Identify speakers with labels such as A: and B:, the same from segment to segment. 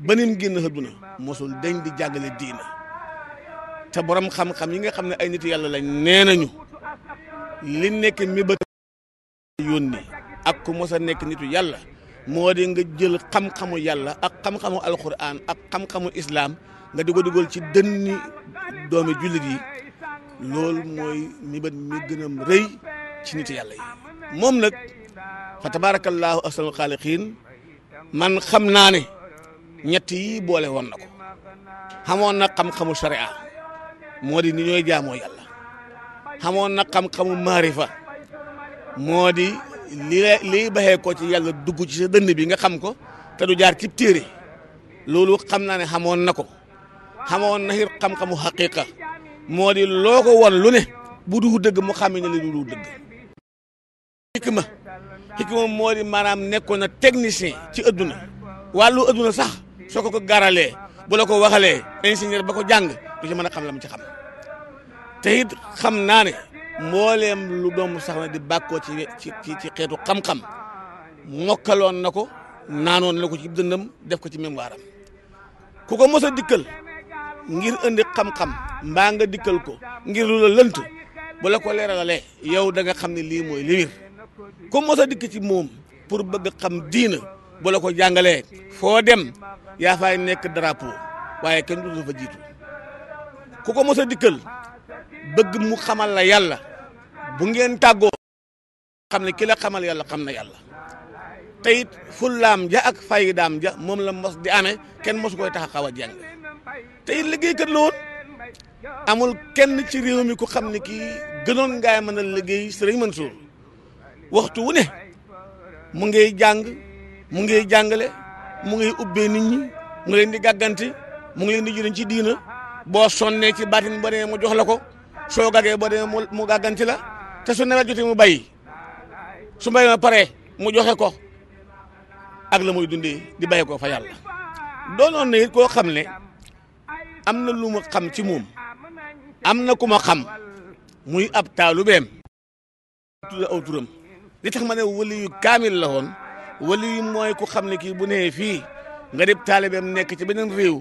A: ba ni mu génn àdduna mosul dañ di jàggale diina te boroom xam-xam yi nga xam ne ay nit yàlla lañ nee nañu li nekk mi ba ak ku mos a nekk nitu yàlla moo di nga jël xam-xamu yàlla ak xam-xamu alquran ak xam-xamu islaam nga di ko dugal ci dënni doomi jullit yi loolu mooy mébét mi gën a rëy ci nit yàlla yi moom nag fa tabaarakallaahu ahsanul xaaliqiin man xam naa ne ñett yi boole woon na ko xamoon na xam-xamu moo di ni ñooy jaamoo yàlla xamoon na xam-xamu maarifa moo di li lii baxee ko ci yàlla dugg ci sa dënd bi nga xam ko te du jaar cib téere loolu xam naa ne xamoon na ko xamoon na it xam moo di loo ko won lu ne bu du dëgg mu xam ne li du dëgg xikma xikma moo di maanaam nekkoon na technicien ci adduna wàllu adduna sax soo ko ko gaaralee bu la ko waxalee ingénieur ba ko jàng du ci mën a xam la mu ci xam te it xam naa ne mbooleem lu doomu sax na di bàkkoo ci ci ci xeetu xam-xam mokkaloon na ko naanoon na ko ci dëndam def ko ci mémoire waaram ku ko mos a dikkal ngir indi xam-xam mbaa nga dikkal ko ngir lu la lënt bu la ko leeralee yow da nga xam ne lii mooy liwir ku mos a dikk ci moom pour bëgg xam diina bu la ko jàngalee foo dem yaa faay nekk drapeau waaye kenn du fa jiitu ku ko mos a dikkal bëgg mu xamal la yàlla bu ngeen tàggoo xam ne kila xamal yàlla xam na yàlla te it fullaam ja ak faydaam ja moom la mos di amee kenn mosu koy tax a xaw a jàng te it liggéeykat la amul kenn ci réew mi ko xam ne kii gënoon ngaay mën a liggéey sëriñ Mansour waxtu wu ne mu ngay jàng mu ngay jàngale mu ngi ubbee nit ñi mu ngi leen di gàgganti mu ngi leen di jëriñ ci diina boo sonnee ci baatin boo demee mu jox la ko soo gagee boo demee mu gàgganti la te su nawet mu bàyyi su mbéy ma pare mu joxe ko ak la muy dundee di bàyyi ko fa yàlla. doonoon na it koo xam ne am na lu xam ci moom am na ku ma xam muy ab taalubeem tudd aw li tax ma ne wali kaamil la woon. wali mooy ku xam ne kii bu nee fii nga dem taalibeem nekk ci beneen réew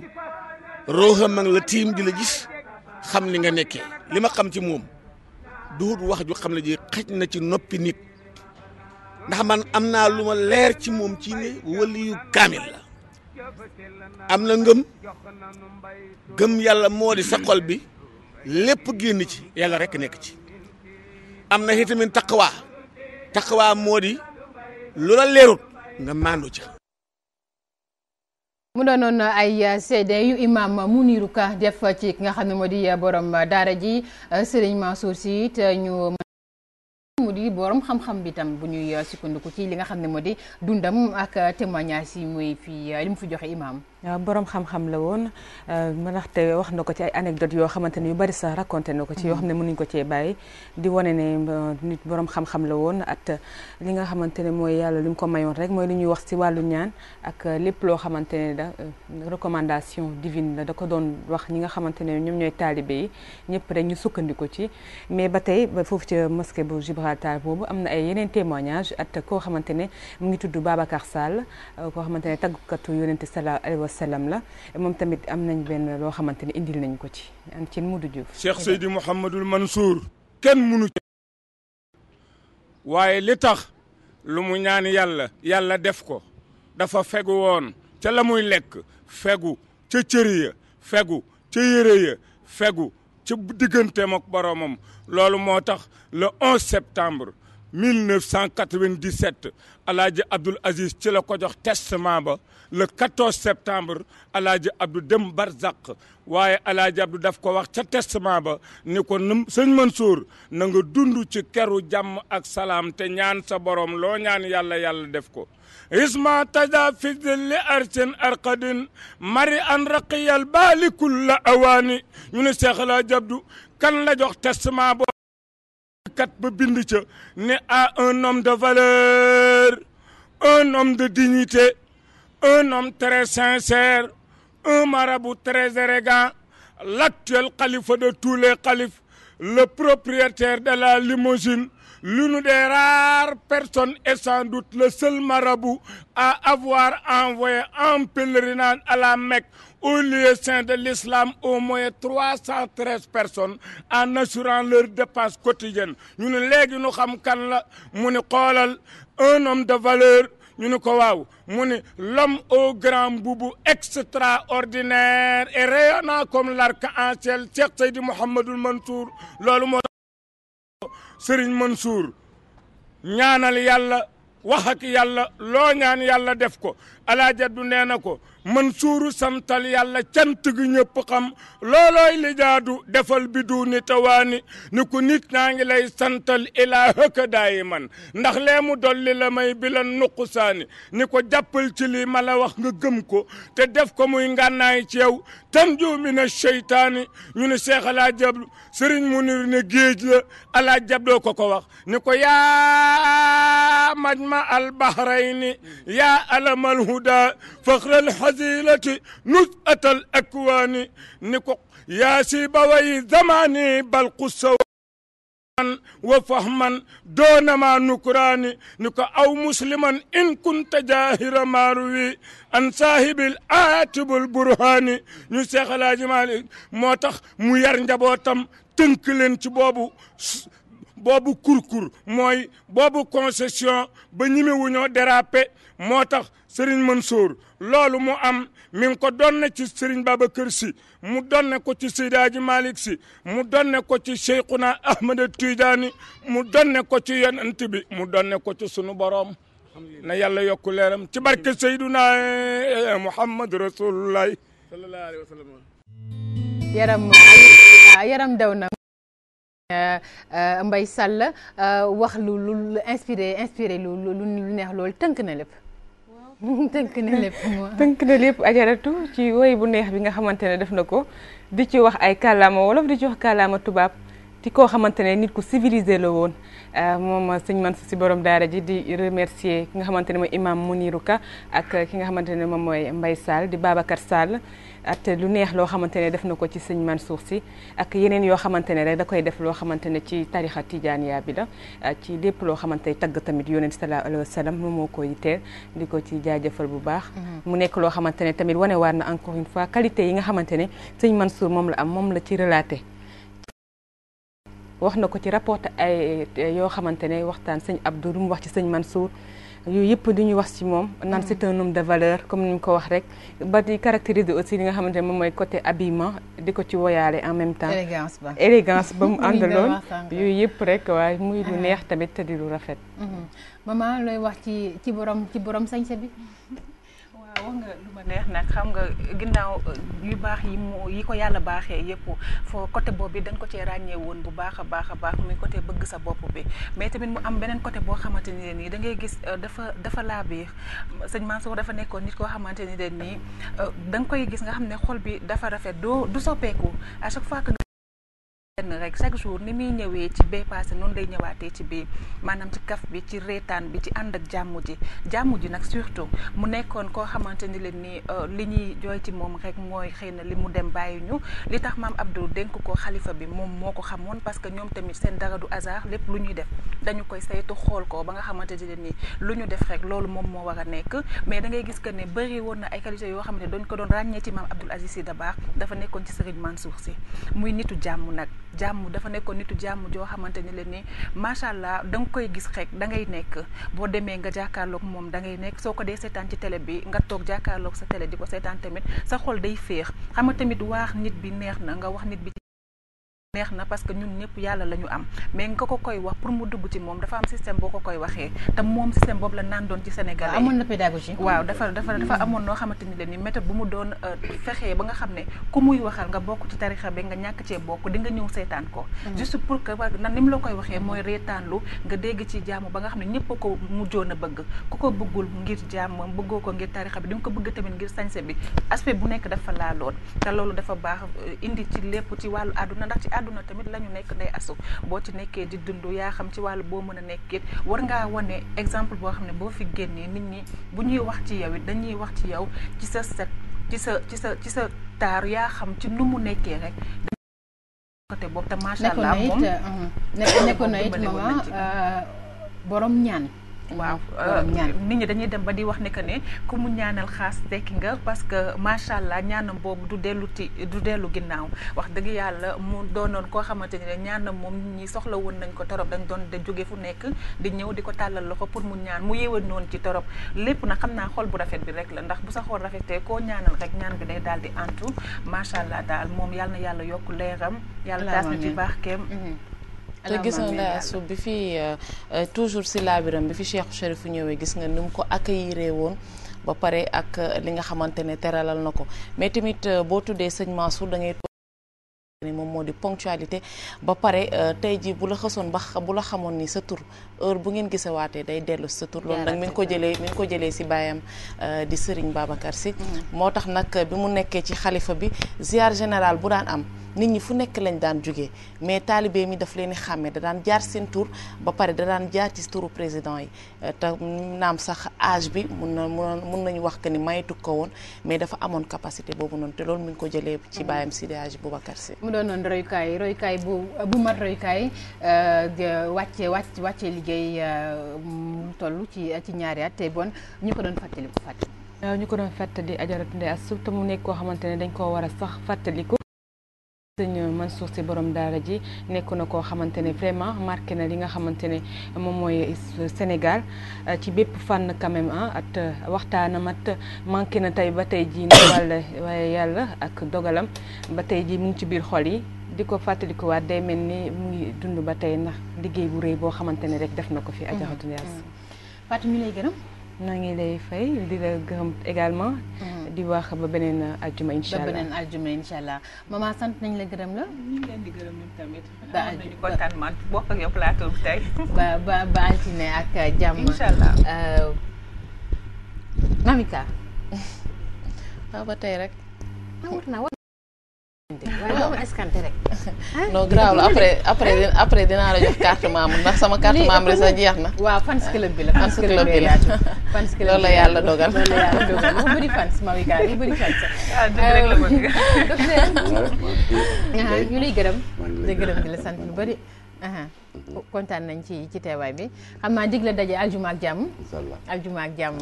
A: rooxam ak la tiim di la gis xam li nga nekkee li ma xam ci moom duut wax ju xam ne ji xaj na ci noppi nit ndax man am naa lu ma leer ci moom ci ne waliyu kaamil la am na ngëm gëm yàlla moo di sa xol bi lépp génn ci yàlla rekk nekk ci am na itamit taqwa taqwa moo di lu la leerut nga maandu ca.
B: ay uh, seede yu imam niru Ka def ci ki nga xam ne moo di uh, borom daara ji uh, Serigne Mansour Sy te ñu. mu xam-xam bi tam bu ñuy sukkandiku ci li nga xam ne moo di dundam ak témoignage yi muy fii li mu fi joxe imam Euh, borom xam-xam la woon euh, naxte wax na ko ci ay anecdote yoo xamante ni yu bari sa
C: raconté na ko ci yoo xam ne mënuñ ko cee bàyyi di wane ne euh, nit borom xam-xam la woon at li nga xamante ne mooy yàlla li mu ko mayoon rek mooy lu ñuy wax ci wàllu ñaan ak lépp loo xamante ne da recommandation divine la da ko doon wax ñi nga xamante ne ñoom ñooy taalibe yi ñëpp rek ñu sukkandiku ci mais ba tey ba foofu ca mosquée bu Gibraltar boobu am na ay yeneen témoignage at koo xamante ne mu ngi tudd Babacar Sall koo xamante ne taggukatu yonente sala wasallam la moom tamit am nañ benn loo xamante ne indil nañ ko ci an cin Modou Diouf
D: Cheikh Seydi Mouhamadul Mansour kenn munu ci waaye li tax lu mu ñaan yàlla yàlla def ko dafa fegu woon ca la muy lekk fegu ca cër ya fegu ca yére ya fegu ca diggante ak boroomam loolu moo tax le 11 septembre mill cent 1997 alaaji Abdoul Aziz ci la ko jox testament ba la 14 septembre alaaji Abdou dem Barzak waaye alaaji Abdou daf ko wax ca testament ba ni ko num sëñ Mansour na nga dund ci keru jàmm ak salaam te ñaan sa borom loo ñaan yàlla yàlla def ko isma taja fidil li arsin arqadin mari an raqiyal baalikul la awaani ñu ne Cheikh alaaji Abdou kan la jox testament ba kat ba bind ca ne à un homme de valeur un homme de dignité un homme très sincère un marabout très élégant l'actuel calife de tous les califes le propriétaire de la limousine l'une des rares personnes et sans doute le seul marabout à avoir envoyé un pèlerinage à la au lieu saint de l'islam au moins trois cent treize personnes en assurant leurs dépenses quotidiennes ñu ne léegi ñu xam kan la mu ne xoolal un homme de valeur ñu ne ko waaw mu ne l'homme au grand boubou extraordinaire et rayonnant comme l'arc-en-ciel Cheikh Seydi Mouhamadoul Mansour loolu moo Serigne Mansour ñaanal yàlla wax ak yàlla loo ñaan yàlla def ko alaajat du nee na ko man suuru santal yàlla cant gi ñëpp xam loo li jaadu defal bi duuni tawaani ni ku nit naa ngi lay santal ilaa hëkka daayi man ndax lee mu dolli la may bi la nuqusaani ni ko jàppal ci lii ma wax nga gëm ko te def ko muy ngànnaay ci yow tanju mina seytaani ñu ne Cheikh Alaa Jabdu Sëriñ Munir ne géej la Alaa Jabdoo ko ko wax ni yaa يا مجمع البحرين يا ألم الهدى فخر الحزيلة نزأة الأكوان نكق يا سيبوي زماني بل قسوا وفهما دون ما نكران نك أو مسلما إن كنت جاهر ما روي عن صاحب الآيات بالبرهان نسيخ لاجمالي موتخ ميار نجبوتم تنكلن تبابو boobu kurkur mooy boobu concession ba ñimewuñoo déraper moo tax Serigne Mansour loolu mu am mi ngi ko donne ci Serigne Babacar Sy mu donne ko ci Seydi Hadji Malick Sy mu donne ko ci Cheikhouna Ahmed Tidiane mu donne ko ci yonent bi mu donne ko ci sunu boroom na yàlla yokku leeram ci barke Seyduna Muhammad Rasulullah sallallahu alayhi wa sallam yaram yaram daw
B: na Euh, euh, mbay Sall euh, wax lu lu inspiré inspiré lu lu neex loolu tënk na lépp. tënk na lépp
C: tënk lépp ajaratu ci woy bu neex bi nga xamante ne def na ko di ci wax ay kàllaama wolof di ci wax kàllaama tubaab di koo xamante ne nit ku civilisé la woon moom sëñ Mansour si borom daara ji di remercier ki nga xamante ne mooy imam Mounirou Ka ak ki nga xamante ne moom mooy mbay Sall di Babacar Sall. at lu neex loo xamante ne def na ko ci sëñ man Mansour si ak yeneen yoo xamante ne rek da koy def loo xamante ne ci tarixa yaa bi la ah, ci lépp loo xamante ne tamit yonent sallallahu alayhi wa sallam moom moo ko yitteel di ko ci jaajëfal bu baax mm-hmm. mu nekk loo xamante ne tamit wane waar na encore une fois qualité yi nga xamante ne sëñ Mansour moom la am moom la ci relaté wax na ko ci rapport ay yoo xamante ne waxtaan sëñ Abdou lu mu wax ci sëñ man Mansour yooyu yëpp di ñu wax ci moom naan c'est un homme de valeur comme ni mu ko wax rek ba di caractériser aussi nga xamante ne mooy côté habillement di ko ci woyaale en même temps
B: élégance ba
C: élégance ba mu àndaloon yooyu yëpp waaye muy lu ah. neex tamit te di lu rafet
B: mhm. maman looy wax ci borom sañse bi waaw wax nga lu ma neex nag
E: xam nga ginnaaw euh, yu baax yi mu yi ko yàlla baaxee yëpp foo côté boobu bi dañ ko cee ràññee woon bu baax a baax a baax muy côté bëgg sa bopp bi mais tamit mu am beneen côté boo xamante ni nii da ngay gis euh, dafa dafa laa biir sëñ Mansour dafa nekkoon nit koo xamante ni den nii euh, danga koy gis nga xam ne xol bi dafa rafet doo du soppeeku à chaque fois benn rek chaque jour ni muy ñëwee ci bee passé noonu lay ñëwaatee ci bii maanaam ci kaf bi ci reetaan bi ci ànd ak jàmm ji jàmm ji nag surtout mu nekkoon koo xamante ni leen ni euh, li ñuy jooy ci moom rek mooy xëy na li mu dem bàyyi ñu li tax maam Abdou dénk ko xalifa bi moom moo ko xamoon parce que ñoom tamit seen dara du hasard lu ñuy def dañu koy saytu xool ko ba nga xamante ni leen ni lu ñu def rek loolu moom moo war a nekk mais dangay gis que ne bëri woon na ay qualité yoo xam ne dañ ko doon ràññee ci maam Abdoul Aziz Sy Dabakh dafa nekkoon ci man Mansour si muy nitu jàmm nag jàmm dafa nekkoon nitu jàmm joo xamante ne leen ni macha allah da nga koy gis rek da ngay nekk boo demee nga jàkkaarloog moom da ngay nekk soo ko dee seetaan ci télé bi nga toog jàkkaarloog sa télé di ko seetaan tamit sa xol day féex xam nga tamit waax nit bi neex na nga wax nit bi neex na parce que ñun ñëpp yàlla la ñu am mais nga ko koy wax pour mu dugg ci moom dafa am système boo ko koy waxee te moom système boobu la naan doon ci Sénégal amoon na
B: pédagogie waaw dafa amoon noo
E: xamante ni leen bu mu doon euh, fexee ba nga xam ne ku muy waxal nga bokk ci tarixa bi nga ñàkk cee bokk di nga ko mm-hmm. juste xam ne ñëpp ko mujjoon a bëgg ku ko bëggul ngir jaam bëggoo ko ngir tarixa bi di nga ko bëgg tamit ngir sañse bi aspect bu nekk dafa laaloon te loolu dafa baax euh, indi ci lépp aduna tamit la ñu nekk day asu boo ci nekkee di dund yaa xam ci wàllu boo mën a nekkee war ngaa wone exemple boo xam ne boo fi génnee nit ñi bu ñuy wax ci yow it dañuy wax ci yow ci sa set ci sa ci sa ci sa taar yaa xam ci nu mu nekkee rek côté boobu te macha allah moom uh-huh. nekkoon na it maman uh,
B: borom ñaan waaw euh, nit ñi dañuy
E: dem ba di wax ne que ne ku mu ñaanal xaas tekki nga parce que macha allah ñaanam boobu du dellu ti du dellu ginnaaw wax dëgg yàlla mu doonoon koo xamante ne ñaanam moom ñi soxla woon nañ ko torop dañ doon da jóge fu nekk di ñëw di ko tàllal loxo pour mu ñaan mu yéwén noonu ci torop lépp na xam naa xol bu bi rek la ndax bu sa xol koo ñaanal rek ñaan bi day daal di antu macha allah daal moom yàlla na yàlla yokk leeram yàlla taas na ci baaxkeem mm-hmm. te gis nga Ndeye Astou
C: bi fi euh, euh, toujours si laabiram bi fi Cheikh Chérif ñëwee gis nga ni mu ko accueillir woon ba pare ak euh, li nga xamante ne teralal na ko mais tamit boo tuddee sëñ Mansour da ngay ni moom moo di ponctualité ba pare tey jii bu la xasoon ba bu la xamoon nii sa tur heure bu ngeen waatee day dellu sa tur loolu nag mi ko jëlee mi ngi ko jëlee si baayam di Serigne Babacar Sy mm-hmm. moo tax nag bi mu nekkee ci xalifa bi ziar général bu daan am nit ñi fu nekk lañ daan jógee mais taalibe mi daf leen di xàmmee da daan jaar seen tour ba pare da daan jaar ci turu président yi euh, te naam sax âge bi mun na mun nañu wax que ni mayitu ko woon mais dafa amoon capacité boobu noonu te loolu mi ngi ko jëlee ci baayam Sidi Hadj Boubacar Sy
B: mu doon noonu royukaay royukaay bu bu mat royukaay euh, wàcce wàcc wàcce liggéey mu euh, toll ci ci ñaari at bon ñu ko doon fàttaliku fàttali ñu ko doon fàttali ajaratu Ndeye Astou
C: te mu nekk koo xamante ne dañ koo war a sax fàttaliku sëñ Mansour si borom daara ji nekk na koo xamante ne vraiment marqué na li nga xamante ne moom mooy Sénégal euh, ci bépp fànn quand même at euh, waxtaanam at manqué na tey ba tey jii ne wàll waaye yàlla ak dogalam ba tey jii mu ngi ci biir xol yi di ko fàttalikuwaat day mel ni mu ngi dund ba tey ndax liggéey bu rëy boo xamante ne rek def na ko fi. Mm-hmm. Adja mm-hmm. Fatou lay gërëm. na ngi lay fay di la gërëm également. Mm-hmm. di wax ba beneen aljuma incha allah ba beneen
B: aljuma sant nañ la gërëm la. di gërëm ñun tamit. ba am nañu
E: kontaan bokk ak plateau bi tey.
B: ba ba ba altine ak jàmm. incha allah euh, Mamika. waaw ba tey rek. Ah, non grave la après après ah. après dinaa la jox carte membre ndax sama carte jeex na. waaw fans club bi la fans club bi la la yàlla dogal. loolu la yàlla dogal mu bëri fans Mawika mu bëri fans. ah dëgg rek la ah, gërëm. di gërëm di la sant lu bëri. Mhm. kontaan nañ ci ci teewaay bi xam naa dig la daje aljuma ak jàmm aljuma ak jàmm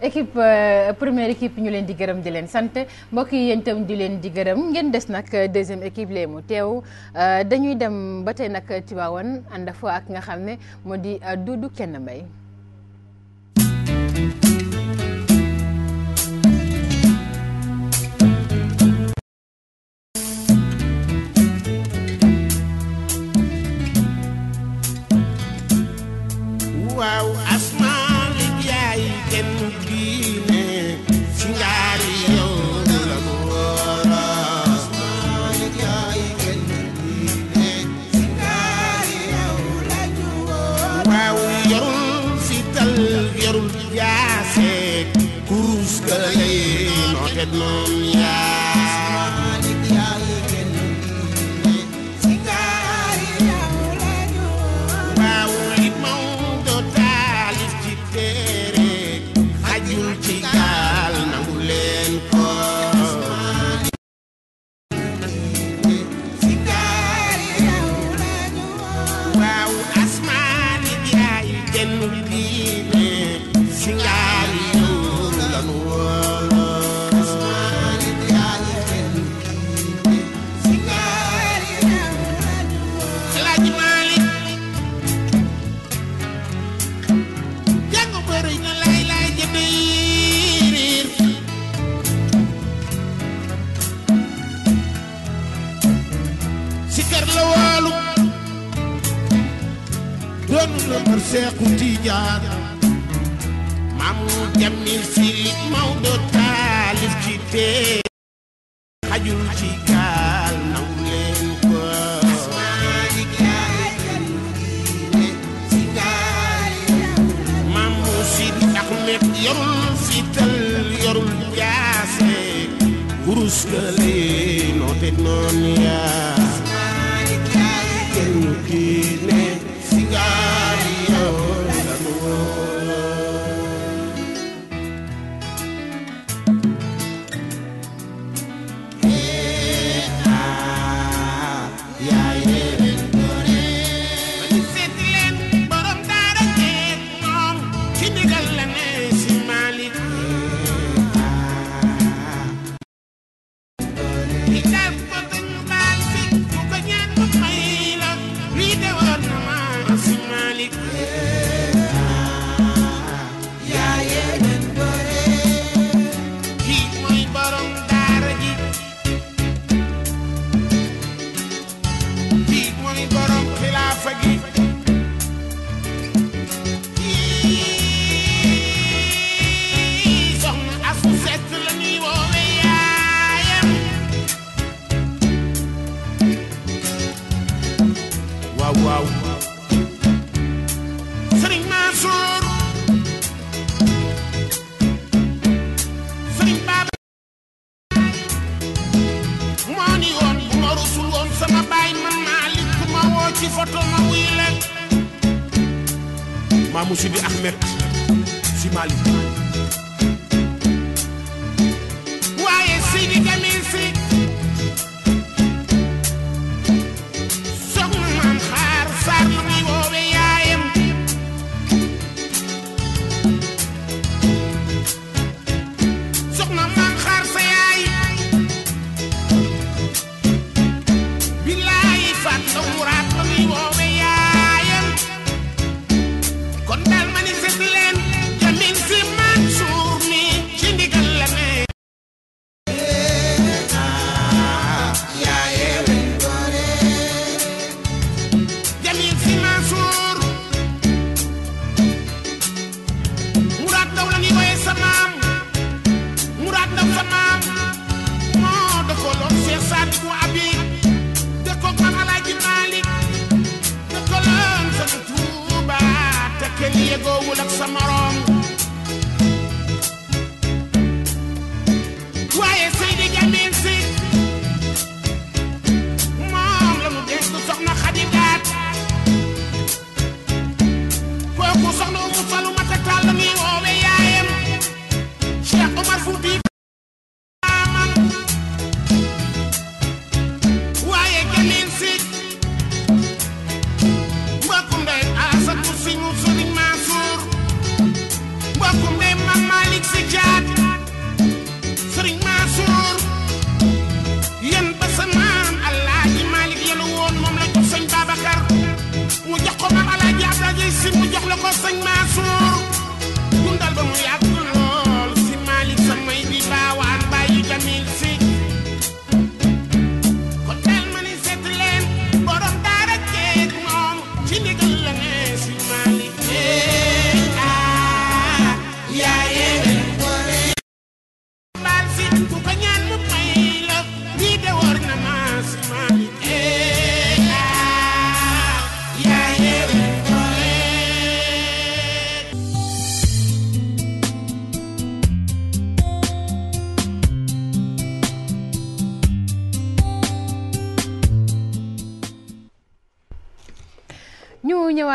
B: équipe euh, première équipe ñu leen di gërëm di leen sant mbokk yi yéen itam di leen di gërëm ngeen des nag euh, deuxième équipe lee mu teew euh, dañuy dem ba tey nag Tiwaawan ànd fa ak nga xam ne moo di Doudou Kenn Mbaye
F: waaw asmaan li jaay kenn diine si ngaari yow la mu wóoroon asmaan li jaay kenn diine si ngaari yow la ñu wóoroon waaw yorul fital yorul jaase kurus ka lay noote noonu yaa yëgoowul ak sa moroom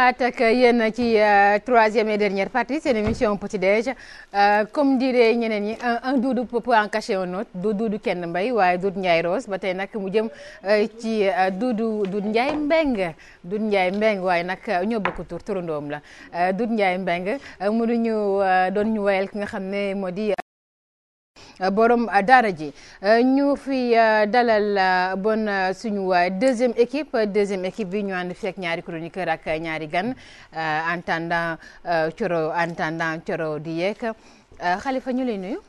B: ñëwaat ak yéen ci euh, troisième et dernière partie seen émission petit déj euh, comme ñeneen ñi un Doudou en cacher un autre du Doudou kenn mbay waaye Doudou Ndiaye Rose ba tey nag mu jëm euh, ci Doudou Doudou Ndiaye Mbeng Doudou Ndiaye Mbeng waaye nag ñoo bokk tur turandoom la Doudou Ndiaye Mbeng mënuñu doon ñu wayal ki nga xam ne moo Euh, borom euh, daara ji euh, ñu fi dalal bon suñu deuxième équipe deuxième équipe bi ñu ànd fekk ñaari chroniqueur ak ñaari gan en attendant Thioro en di yeeg Khalifa ñu lay nuyu.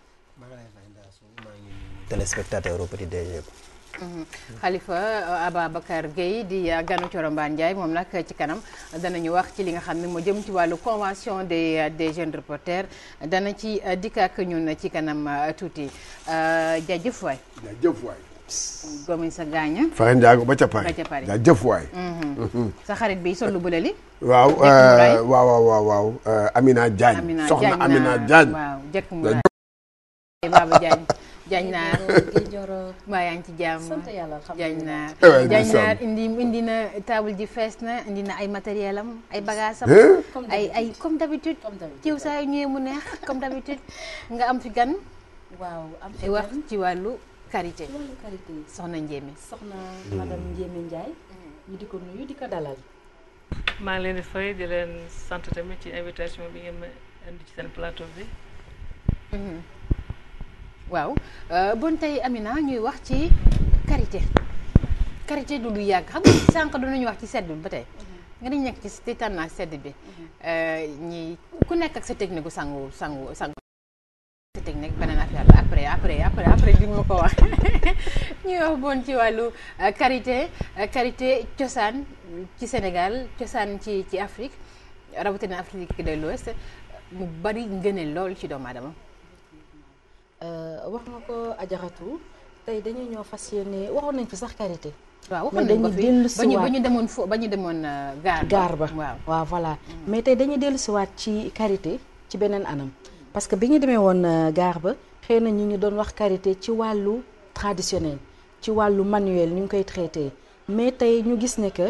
B: Mhm. Khalifa euh, Ababacar Gueye di euh, ganu Corombaan Ndiaye moom nag ci kanam dana ñu wax ci li nga xam ne moo jëm ci wàllu convention des euh, des jeunes reporters dana ci dikk ak ñun ci kanam tuuti jaajëf waay. jaajëf waay. gomi sa gaaña. Faxe Ndiago ba ca Paris waay. Mhm. sa xarit bi sollu bu lali.
G: waaw waaw waaw waaw Amina Diagne. soxna Amina Diagne. waaw
B: jëkk mu Baba jañ naar mbaa yaa ngi ci jàmm jañ naar eh, jañ naar indi indi na table ji fees na indi na ay matériel am ay bagage am eh? ay ay comme d'habitude ciw saa yu ñëwee mu neex comme d'habitude nga am fi gan waaw am fi wax ci wàllu karité soxna Ndiémé soxna hmm. madame Ndiémé Ndiaye hmm. ñu di ko di ko dalal
H: maa ngi leen di fay sant tamit ci invitation bi ngeen ma indi ci seen plateau bi
B: hmm. waaw euh, bon tey Amina ñuy wax ci karité karité du lu yàgg xam nga sànq danañu wax ci sedd bi ba tey nga dañ nekk ci tiitaan naa sedd bi euh, ñi ku nekk ak sa technique sangu sangu sangu sa technique beneen affaire la après après après après di ma ko wax ñuy wax bon ci wàllu euh, karité karité cosaan ci Sénégal cosaan ci ci Afrique rawatina Afrique de l'Ouest mu bari ngëneel lool ci doomu aadama
I: Euh, wax nga ko ajaratu tey dañuy ñoo fas yéene waxoon nañ fi sax quarité waaw waxoon ko fi mais ba ñu demoon fo ba ñu demoon euh, gaar ba waa voilà mm. mais tey dañuy dellusiwaat ci quarité ci beneen anam parce que bi ñu demee woon euh, gaar ba xëy na ñu ngi doon wax quarité ci wàllu traditionnel ci wàllu manuel ñu ngi koy traité mais tey ñu gis ne que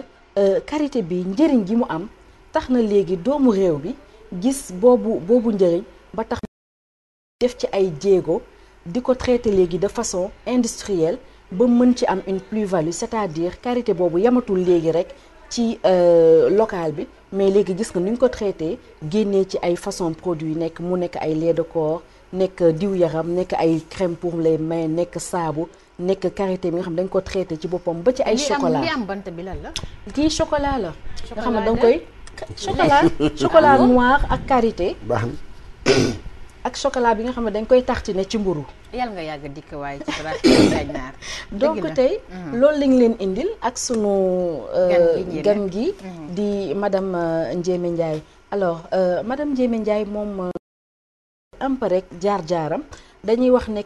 I: karité bi njëriñ gi mu am tax na léegi doomu réew bi gis boobu boobu njëriñ ba tax def ci ay jéego di ko traité léegi de façon industrielle ba mën ci am une plus-value c'est-à-dire karité boobu yamatul léegi rek ci euh, local bi mais léegi gis nga ni ko traité génnee ci ay façon produit nekk mu nekk ay lait de corps nekk diw yaram nekk ay crème pour la mains nekk saabu nekk karité bi nga xam dañ ko traité ci boppam ba ci ay chocolat
B: li bi lan la kii chocolat la nga
I: xam ne danga koy chocolat chocolat ah noir ak karité ak chocolat bi nga xam ne dañ koy tartiner ci mburu
B: yàlla nga yàgg dikk waaye ci naar tey mhm.
I: loolu lañ leen indil ak sunu euh, gan gi mhm. di madame euh, Ndiémé Ndiaye alors euh, madame Ndiémé Ndiaye moom am jaar-jaaram dañuy wax ne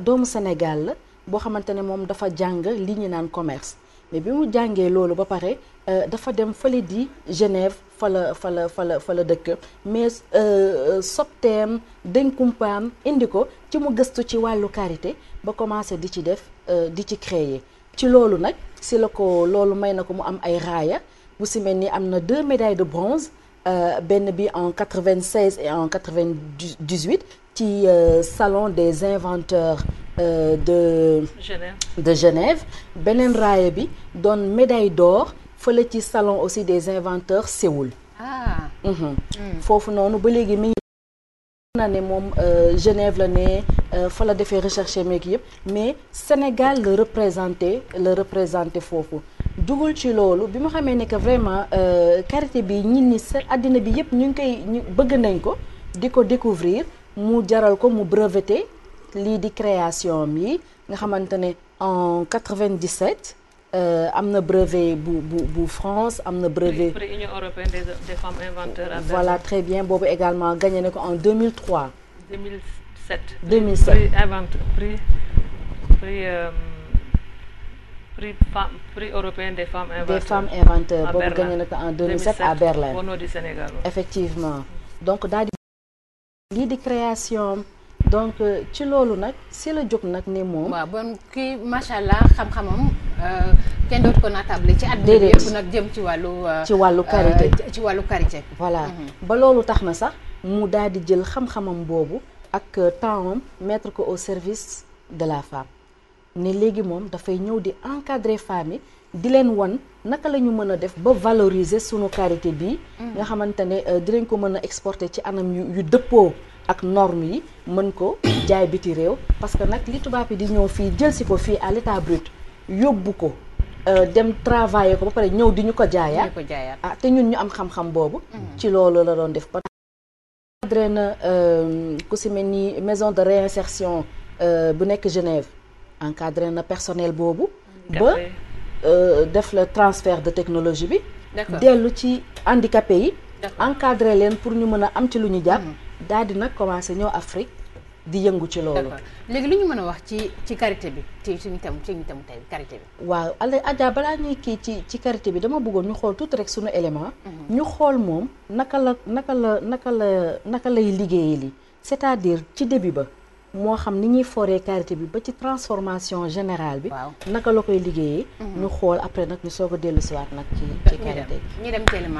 I: doomu Sénégal la boo xamante ne moom dafa jàng li ñu naan commerce mais bi mu jàngee loolu ba pare Euh, dafa dem fële di Genève fa la fa la fa la fa la dëkk mais euh, sopteem dénkumpaam indi ko ci mu gëstu ci wàllu karité ba commencé di ci def euh, di ci créer ci loolu nag si la ko loolu may na ko mu am ay raaya bu si mel ni am na deux médailles de bronze benn bi en 96 et en 98 ci salon des inventeurs de Genève de Genève beneen raaya bi doon médaille d'or fala ci salon aussi des inventeurs Séoul. ah. Mhm. Mm. foofu noonu ba léegi mi ngi. na ne moom euh, Genève la ne euh, fa la defee recherche meeg yëpp mais Sénégal la représenté la représenté foofu. dugul ci loolu bi ma xamee ne que vraiment karité euh, bi ñit ñi sa àddina bi yëpp ñu ngi koy bëgg nañ ko di ko découvrir mu jaral ko mu breveté lii di création yi nga xamante ne en 97. Euh, am na brevet bu bu France am na brevet prix
H: Union européenne des voilà très
I: bien boobu également gagné na ko en 2003.
H: 2007. 2007 prix inventeur deux prix euh, prix femme prix européen des femmes inventeurs. des femmes inventeurs boobu gagné na ko en 2007 à Berlin. au nord du Sénégal.
I: effectivement donc daal
B: di. donc euh, ci loolu nag si la jóg nag ni moom. waaw bon kii macha allah xam-xamam euh, kenn dootu ko ci at. déedéet nag jëm ci wàllu. Euh, ci wàllu ci wàllu karité. voilà mhm. ba loolu tax na sax
I: mu daal di jël xam-xamam boobu ak temps mettre ko au service de la femme ne léegi moom dafay ñëw di encadrer femme yi di leen wan naka la ñu mën a def ba valoriser sunu karité bi mhm. nga xamante ne dinañ ko mën a exporter ci anam yu yu dëppoo. ak norme yi mën ko jaay biti réew parce que nag li tubaab yi di ñëw fii jël si ko fii à l'état brut yóbbu ko euh, dem travailler ko ba pare ñëw di ñu ko jaayaat ah te ñun ñu am xam-xam boobu mm-hmm. ci loolu la doon def ba cadre na euh, ku si mel ni maison de réinsertion euh, bu nekk Genève encadré na personnel boobu ba def le transfert de technologie bi dellu ci handicapé yi encadré leen pour ñu mën a am ci lu ñu jàpp mhm. daal di nag commencé ñëw Afrique di yëngu ci loolu léegi lu ñu mën a wax ci ci karité bi ci suñu tam tam tey karité bi waaw ala Adja balaa ñuy kii ci ci karité bi dama bëggoon ñu xool tuuti rek suñu élément mhm. ñu xool moom naka la naka la naka la naka lay liggéeyee li c'est-à-dire ci début ba moo xam ni ñuy foree karité bi ba ci transformation général bi. naka la koy liggéeyee. Mhm. ñu xool après nag ñu soog a dellusiwaat nag ci
B: ci karité bi. ñu dem ñu dem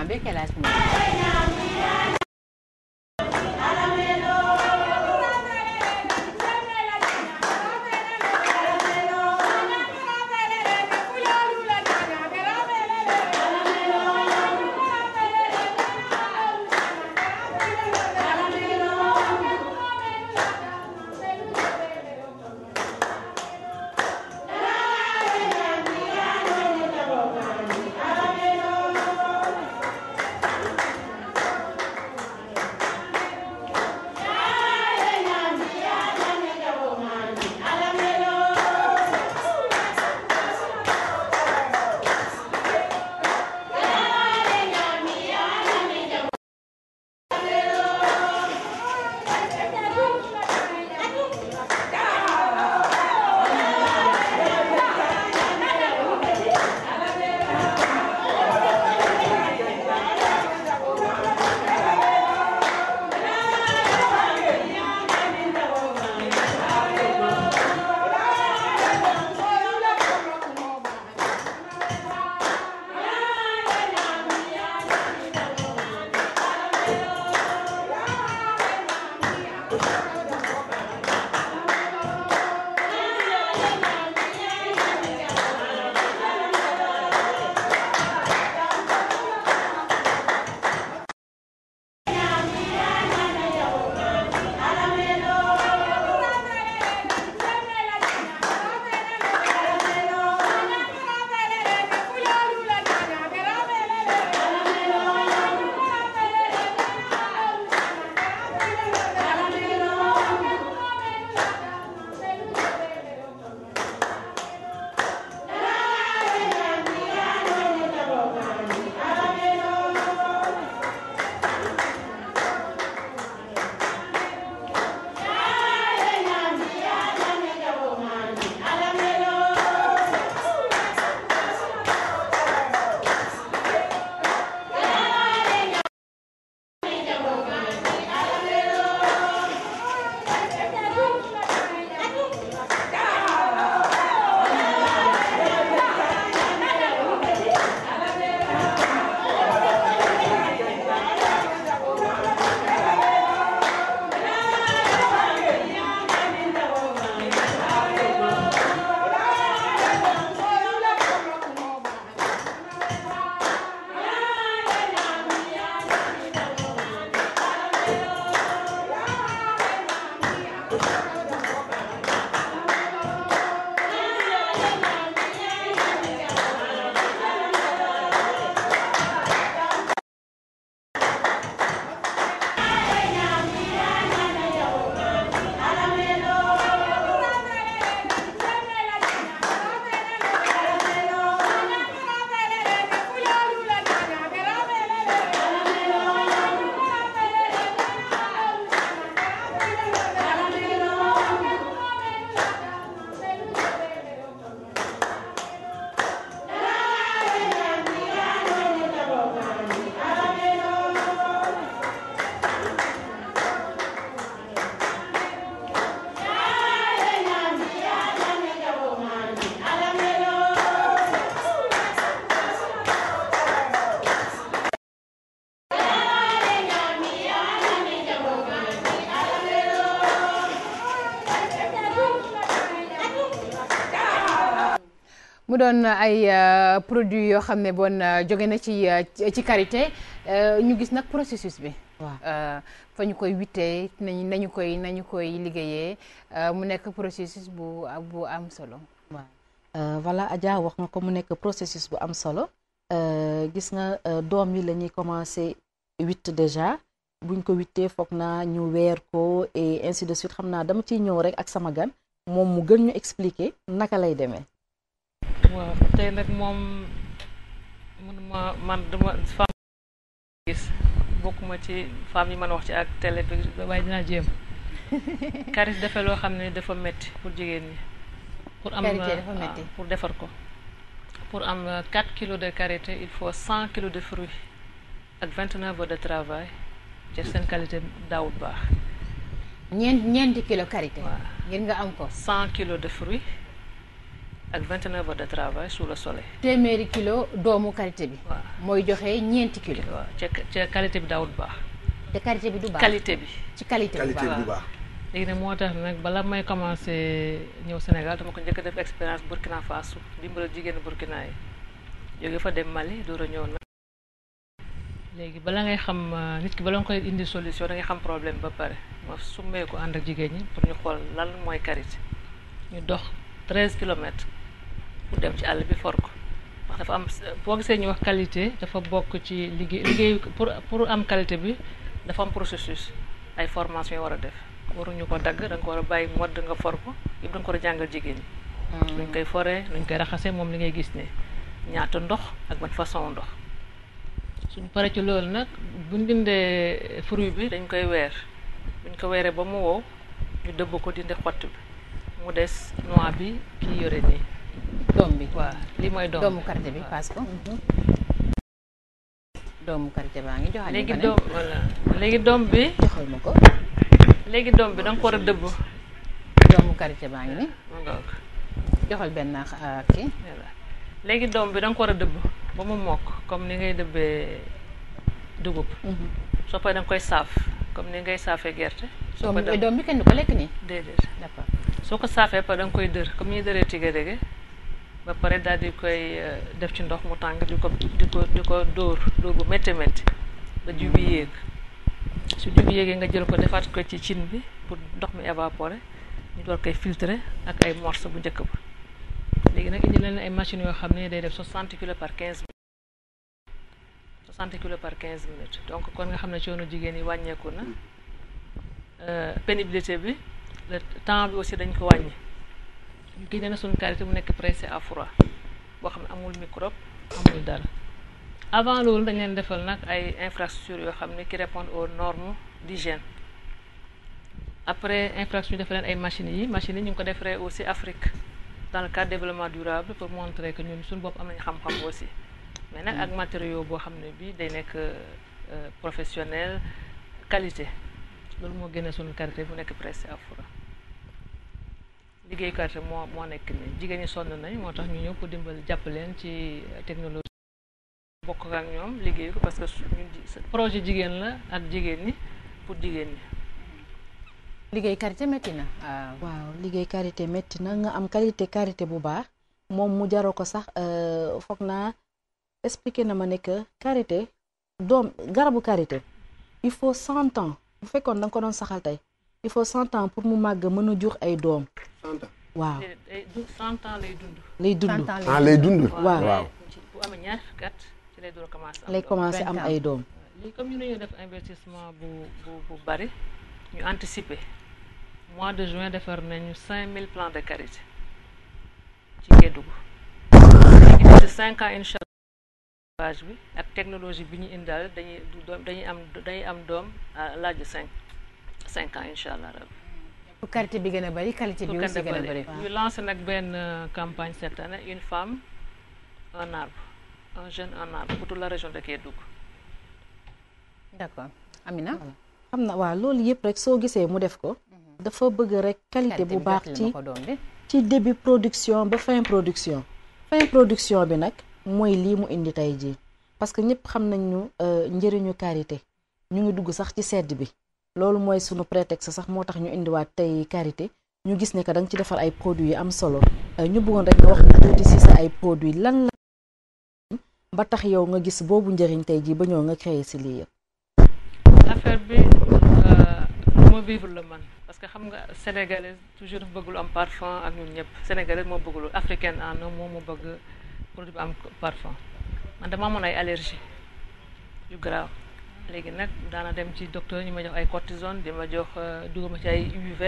B: doon ay euh, produits yoo xam ne bon euh, jóge na ci euh, ci karité ñu gis nag processus bi. waaw fa ñu koy wittee nañu nañu koy nañu koy liggéeyee mu nekk processus bu bu am solo.
I: waaw voilà Adja wax nga ko mu nekk processus bu am solo gis nga doom yi la ñuy commencé witt déjà buñ ko wittee foog naa ñu weer ko et ainsi de suite xam naa dama ciy ñëw rek ak sama gan moom mu gën ñu expliquer naka lay demee.
H: waaw tey nag moom mënuma man dama femme gis bokkuma ci femme yi man wax ci ak télé bi waaye dinaa jéem Caris dafa loo xam ne dafa metti pour jigéen ñi pour am ah, pour defar ko pour am 4 kilos de quarité il faut cent kilos de fruits ak 29 heures de travail te seen qualité daawul baax ñeent ñeenti kilo karité ngir nga am ko cent kilos de fruits ak 29 heures de travail sous le soleil.
B: téeméeri kilo doomu karité bi. waaw mooy joxe ñeenti kilo. ca
H: ca qualité bi daawut baax.
B: te qualité bi du baax qualité bi. ci qualité bi baax
H: léegi nag moo tax nag bala may commencé ñëw Sénégal dama ko njëkk a def expérience Burkina Faso dimbali jigéen Burkina yi jóge fa dem Mali door a ñëw na. léegi bala ngay xam euh, nit ki bala nga koy indi solution da ngay xam problème ba pare ma summee ko ànd ak jigéen ñi pour ñu xool lan mooy karité ñu dox 13 kilomètres. mu dem ci àll bi for ko wax dafa am boo gisee ñu wax qualité dafa bokk ci liggéey pour pour am qualité bi dafa am processus ay formation war a def waruñu ko dagg da ko war a bàyyi mu wadd nga for ko yëpp da ko war a jàngal jigéen ñi hmm. nuñ koy foree nuñ koy raxasee moom li ngay gis ne ñaata ndox ak ban ndox suñu ci loolu nag buñ dindee fruit bi dañ koy weer dañ ko weeree ba mu wow ñu dëbb ko dindi xott bi mu des noix bi kii yore nii doom bi waaw li mooy doom doomu bi parce
B: que mhm. doomu quartier baa ngi joxal léegi doom bi joxal ko
H: léegi doom bi da war a dëbb doomu quartier baa ngi ni joxal benn ah, kii doom bi da nga a dëbb ba mu mokk comme ni ngay dëbbee dugub mhm. soo paree da koy saaf comme ni ngay saafee gerte soo doom
B: bi kenn du ko lekk nii
H: soo ko saafee pare da koy dër comme ñuy dëree tigé dégg ba pare daal di koy euh, def ci ndox mu tàng di ko di ko di ko dóor dóor bu métti métti ba jiw bi yéeg su jiw bi yéegee nga jël ko defaat ko ci cin bi pour ndox mi évaporer ñu door koy filtrer ak ay morceaux bu njëkk ba léegi nag indi leen ay machines yoo xam ne day def soixante kilos par quinze minutes soixante kilos par quinze donc kon nga xam ne coono jigéen yi wàññeeku na euh, pénibilité bi le temps bi aussi dañ ko wàññi. génne na suñu karité bu nekk pressé à froid boo xam ne amul microbe amul dara avant loolu dañ leen defal nag ay infrastructures yoo xam ne qui répondent norme di d'hygiène après infrastructure yu leen ay machines yi machines yi ñu ngi ko defaree aussi Afrique dans le cadre développement durable pour montrer que ñun suñu bopp am nañu xam-xam aussi mais nag ak matériaux boo xam ne bii day nekk euh, professionnel qualité loolu moo génne suñu karité bu nekk pressé à froid liggéeykat moo moo nekk ni jigéen ñi sonn nañ moo tax ñu ñëw pour dimbali jàpp leen ci technologie bokk ak ñoom liggéey ko parce que projet jigéen la ak jigéen ñi pour jigéen ñi
I: liggéey karité metti na ah. liggéey karité métti na nga am qualité karité bu baax moom mu jaroo ko sax euh, foog naa expliqué na ma ne que karité doom garabu karité il faut cent ans bu fekkoon da ko doon saxal tey il faut cent ans pour mu màgg mën a jur ay doom. cent waaw.
H: Eh, eh, lay dund. lay dund
I: ah lay dund. waaw waaw.
H: amee ñaar ci lay door commencé. lay commencé am ay doom. lii comme ñu dañoo def investissement bu bu bari ñu anticiper mois de juin defar nañu cinq mille plans de charité ci Kédougou. ci cinq ans incha bi ak technologie bi ñu indaal dañuy dañuy am dañuy am doom laaj de cinq. cinq ans incha allah
B: bi gën a bëri qualité bi aussi gën a bëri ñu
H: lancé nag benn euh, campagne cette une femme un arbre un jeune un arbre pour toute la région
I: na waaw loolu yëpp rek soo gisee mu def ko. Mhm. dafa bëgg rek qualité bu baax ci ci début production ba fin production. fin production bi nag mooy lii mu indi tey jii parce que ñëpp xam nañ ñu euh, njëriñu quarité ñu ngi dugg sax ci sedd bi. loolu mooy sunu prétexte sax moo tax ñu indiwaat tey quarité ñu gis ne que da nga ci defar ay produits yu am solo euh, ñu bëggoon rek nga wax ñu tuuti si sa ay produits lan la ba tax yow nga gis boobu njëriñ tey jii ba ñëw nga créé si lii yëpp. affaire
H: bi euh, moo vivre man parce que xam nga sénégalais toujours bëggul am parfum ak ñun ñëpp sénégalais moo bëggul africaine en un mot moo bëgg produit bi am parfum man dama amoon ay allergie yu grave. léegi nag daana dem ci docteur ñu ma jox ay cortisone di ma jox euh, duguma ci ay UV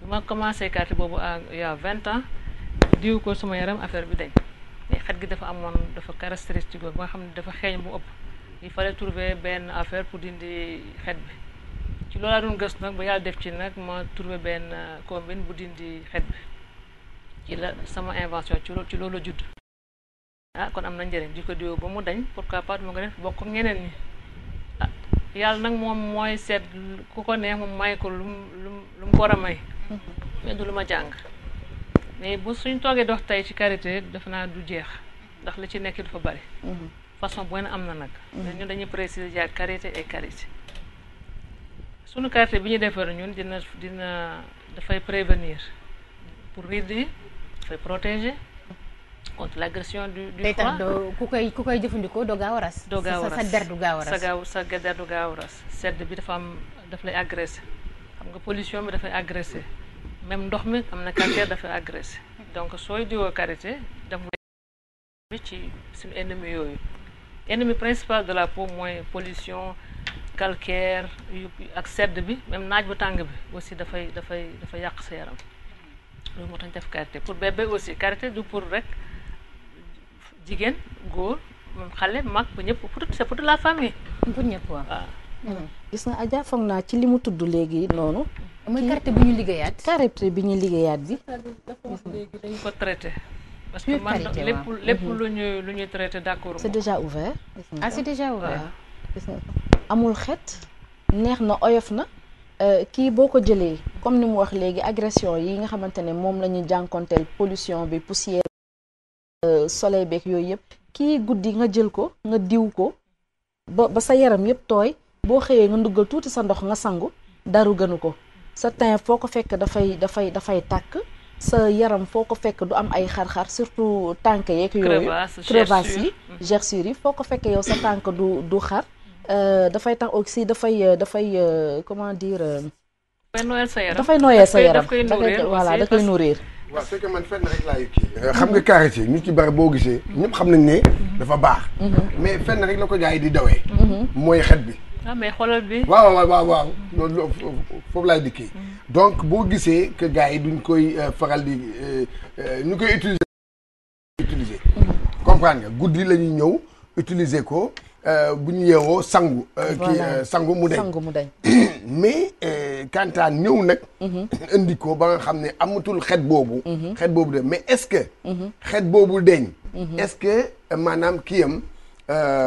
H: bi ma commencé carte boobu à il vingt ans diw ko sama yaram affaire bi dañ mais xet gi dafa amoon dafa caractéristique ba nga xam ne dafa xeeñ bu ëpp il fallait trouver benn affaire pour dindi xet bi ci loolu laa doon nag ba yàlla def ci nag ma trouver benn euh, combine bu dindi xet bi ci la sama invention ci loolu ci loolu la judd ah kon am na njëriñ di ko diw ba mu dañ pourquoi pas mu nga def bokk ak ñeneen ñi yàlla nag moom mooy seet ku ko neex mu may ko lu mu lu mu ko war a may mm-hmm. du lu ma jàng mais bu suñ toogee dox tey ci karité def naa du jeex ndax li ci nekk dafa bari mm-hmm. façon bu am na nag mm-hmm. ñun dañuy préciser jaar karité et karité suñu karité bi ñu defar ñun dina dina dafay prévenir pour ride dafay protéger contre l'agression du
B: ku koy ku koy jëfandikoo doo gaaw gaaw sa der
H: du gaaw a sedd bi dafa am daf lay xam nga pollution bi dafay agressé même ndox mi am na calcaire dafay donc sooy diwoo karité daf mooy ci suñu principal de la peau mooy polition calcaire ak sedd bi même naaj bu tàng bi aussi dafay dafay dafa yàq sa yaram. loolu moo tax ñu def karité pour bébé aussi karité du pour rek jigéen góor moom xale mag bu ñëpp pour c'est pour la famille. pour ñëpp
I: mm. gis nga Adja naa ci li mu tudd léegi noonu. mooy bi ñuy liggéeyaat. karité bi ñu liggéeyaat bi.
H: dañ ko traité. parce que man lépp lépp mm-hmm. lu ñuy lu ñuy traité d'accord. c'est déjà
I: ouvert.
B: ah c'est déjà ouvert.
I: gis amul xet. neex na oyof na. Euh, kii boo ko jëlee comme ni mu wax léegi agression yi nga xamante ne moom la ñu jànkonteel pollution bi poussière euh, soleil beek yooyu yëpp kii guddi nga jël ko nga diw ko ba ba sa yaram yëpp tooy boo xëyee nga duggal tuuti sa ndox nga sangu daru gënu ko sa teint foo ko fekk dafay dafay dafay takk sa yaram foo ko fekk du am ay xar-xar surtout tànk yeeg yooyu crevasses yi gerçures yi foo ko fekk yow sa tànk du du xar Euh, dafay tax aussi dafay euh, dafay euh, comment dire.
G: dafay noyal sa yaram dafay noyal sa yaram voilà da koy nourrir. waaw xam nga carité ñu ci bari boo gisee ñëpp xam nañ ne dafa baax mhm. mais fenn rek la ko gars yi di dawee mhm. mooy xet bi ah, mais xolal bi waaw waaw waaw foofu laay dikkee mhm. donc boo gisee que gars yi duñ koy faral di ñu koy utiliser utiliser comprendre nga guddi la ñëw utiliser ko Euh, bu ñu yeewoo sangu. Euh, kii euh, sangu mu dañ sangu mu dañ. mais kantaan ñëw nag. Mhm. indi ko ba nga xam ne amatul xet boobu. Mhm. xet boobu de mais est-ce que. Mhm. xet boobu deñ. est-ce que maanaam kii am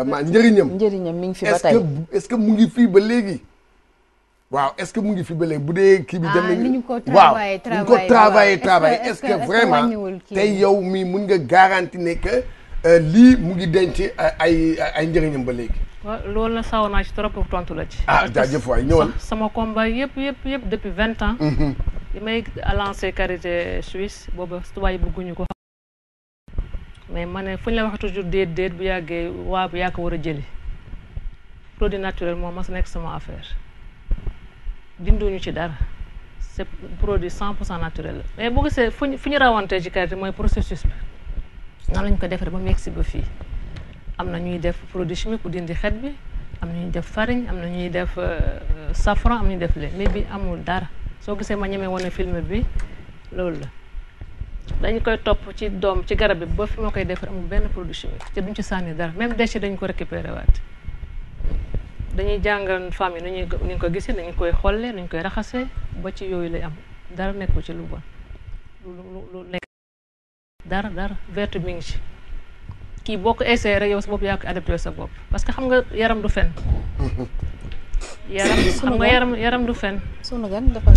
G: maa njëriñam. njëriñam mi ngi fi ba tey ce que mu ngi fii ba léegi. waaw est-ce que mu ngi fi ba léegi bu dee kii bi ah, dem nañu. ñu ko travaillé travaillé waaw ko travaillé travaillé est-ce que vraiment tey yow mii mun nga garanti ne Euh, lii mu ngi denc ay ay njëriñam ba léegi.
H: waaw loolu la saw naa ci trop tontu la ci. ah jaajëf waay ñëwal sama combat yëpp yëpp yëpp depuis vingt ans. Mhm. li may lancé quarité Suisse boobu tubaab yi bëgguñu ko. mais ma ne fu ñu la wax toujours déet déet bu yàggee waa bu yaa ko war a jëli produit naturel moom mas nekk sama affaire dinduñu ci dara c'est produit cent pour cent naturel la mais bu gisee fu ñu fu ñu rawantee ci Carité mooy processus bi. noonu lañ ko defaree ba mu yegsi ba fii am na ñuy def produit chimique pour dindi xet bi am na ñuy def fariñ am na ñuy def euh, safran am na ñuy def le mais bi amul dara soo gisee ma ñemee woon film bi loolu la dañ koy topp ci doom ci garab bi ba fi moo koy defar amul benn produit chimique te duñ ci sànni dara même déchet dañu ko récupérer waat dañuy jàngal femme yi nu ñuy ko gisee nañu koy xollee nañu koy raxasee ba ci yooyu lay am dara nekkul ci lu bon dara dara verte mi ngi ci kii boo ko essayé rek yow sa bopp yaa ko sa bopp parce que xam nga yaram du fen yaram xam yaram du fen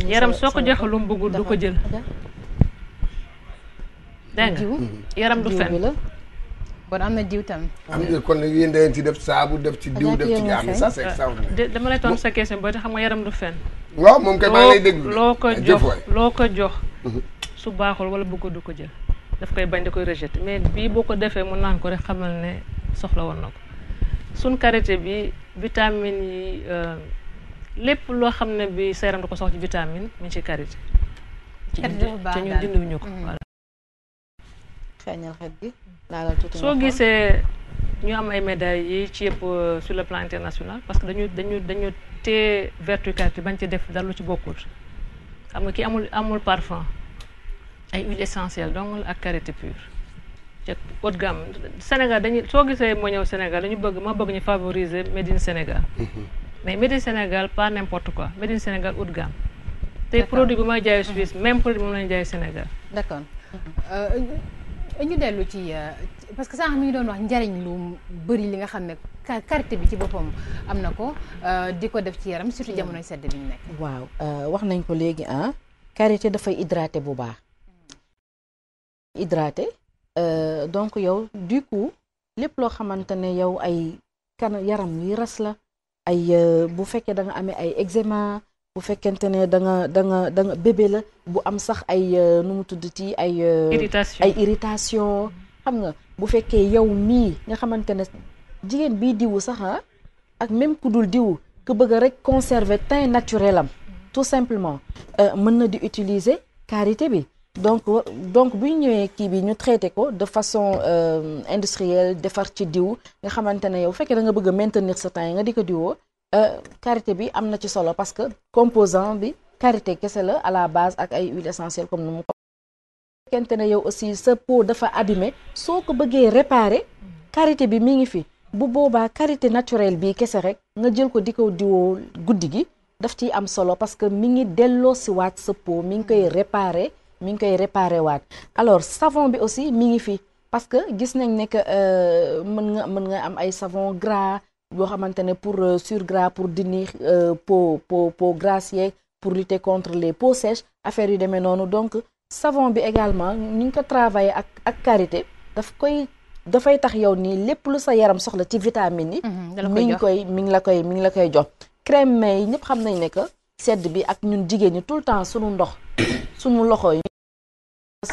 H: yaram soo ko jox lu mu bëggul
B: du ko yaram du fen
H: kon am na diw tam.
B: am na
G: kon nag ci def saabu def ci diw def ci am na
H: dama lay sa question booy xam nga yaram du fen
G: waaw moom loo ko jox
H: loo ko jox. su baaxul wala bëgg du ko jël. daf koy bañ da koy rejeté mais bii boo ko defee mu naan ko rek xamal ne soxla woon na ko suñ karité bi vitamine yi euh, lépp loo xam ne bi sa yaram da ko soxla ci vitamine mu ngi ci karité ci ñun mm-hmm. soo gisee ñu am ay médailles yi ci yëpp euh, sur le plan international parce que dañu dañu dañu tee vertu karité bañ ci def dara lu ci bokkul xam na ki amul amul parfum ay huiles essentielles donc la ak karité pure ca haute gamme Sénégal dañuy soo gisee moo ñëw Sénégal dañu bëgg ma bëgg ñu favoriser made in Sénégal mhm. mais made in Sénégal pas n'importe quoi made Sénégal haute gamme tey produit bi may jaay Suisse même produit bi moom la ñu jaay Sénégal
B: d'accord euh, ñu dellu ci euh, parce que sànq mi ngi doon wax njariñ lu bëri li nga xam ne karité bi ci boppam am na ko euh, di ko def ci yaram surtout jamonoy sedd bi ñu nekk
I: waaw wax nañ ko léegi ah karité dafay hydraté bu baax hydraté euh, donc yow du coup lépp loo xamante ne yow ay kan yaram yi ras la ay euh, bu fekkee da nga amee ay eczéma bu fekkente ne da nga da nga da nga bébé la bu am sax ay euh, nu mu tudd ci ay. Euh, irritation ay irritation xam nga bu fekkee yow mii nga xamante ne jigéen bii diwu sax ah, ak même ku dul diwu ku bëgg rek conserver teint naturel am tout simplement euh, mën na di utiliser karité bi. donc donc bu ñëwee kii bi ñu traité ko de façon euh, industrielle defar ci diw nga xamante ne yow fekkee da nga bëgg maintenir sa temps yi nga di ko diwoo quarité euh, bi am na ci solo parce que composant bi quarité kese la à la base ak ay huile essentielle comme nu mu ko fekkente ne yow aussi sa dafa abîmé soo ko bëggee réparer karité bi mi ngi fi bu boobaa quarité naturelle bi kese rek nga jël ko di ko diwoo guddi gi daf ciy am solo parce que mi ngi delloo si waat sa peau mi ngi koy réparer mi ngi koy réparé waat alors savon bi aussi mi ngi fi parce que gis nañ ne que euh, mën nga mën nga am ay savon gras yoo xamante ne pour euh, sur gras pour dindi euh, peau peau peau grasse yeeg pour lutter contre les peaux sèches affaire yu demee noonu donc savon bi également ni ngi ko travaillé ak ak karité daf koy dafay tax yow nii lépp lu sa yaram soxla ci vitamine yi mhm, mi ngi koy mi ngi la koy mi ngi la koy jox crème mais yi ñëpp xam nañ ne que sedd bi ak ñun jigéen ñi tout le temps sunu ndox sunu loxo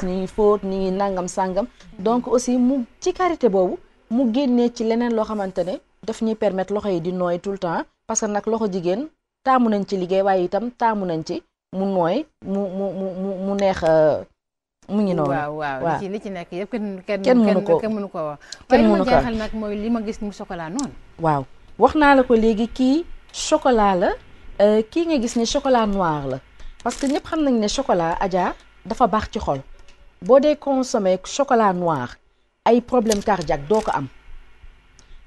I: nii fóot ngi nangam sàngam donc aussi mu ci karité boobu mu génnee ci leneen loo xamante ne daf ñuy permettre loxo yi di nooy tout le temps parce que nag loxo jigéen taamu nañ ci liggéey waaye itam taamu nañ ci mu nooy mu mu mu mu neex euh, mu ngi noonu. waaw waaw li li
B: ci nekk yëpp kenn kenn ko mënu ko wax. kenn mënu nag mooy li ma gis mu chocolat waaw wax naa la ko léegi kii chocolat la euh, kii nga gis ni chocolat
I: noir la parce que ñëpp xam nañ ne chocolat Adja dafa baax ci xol. boo dee consommer chocolat noir ay problème cardiaque doo ko am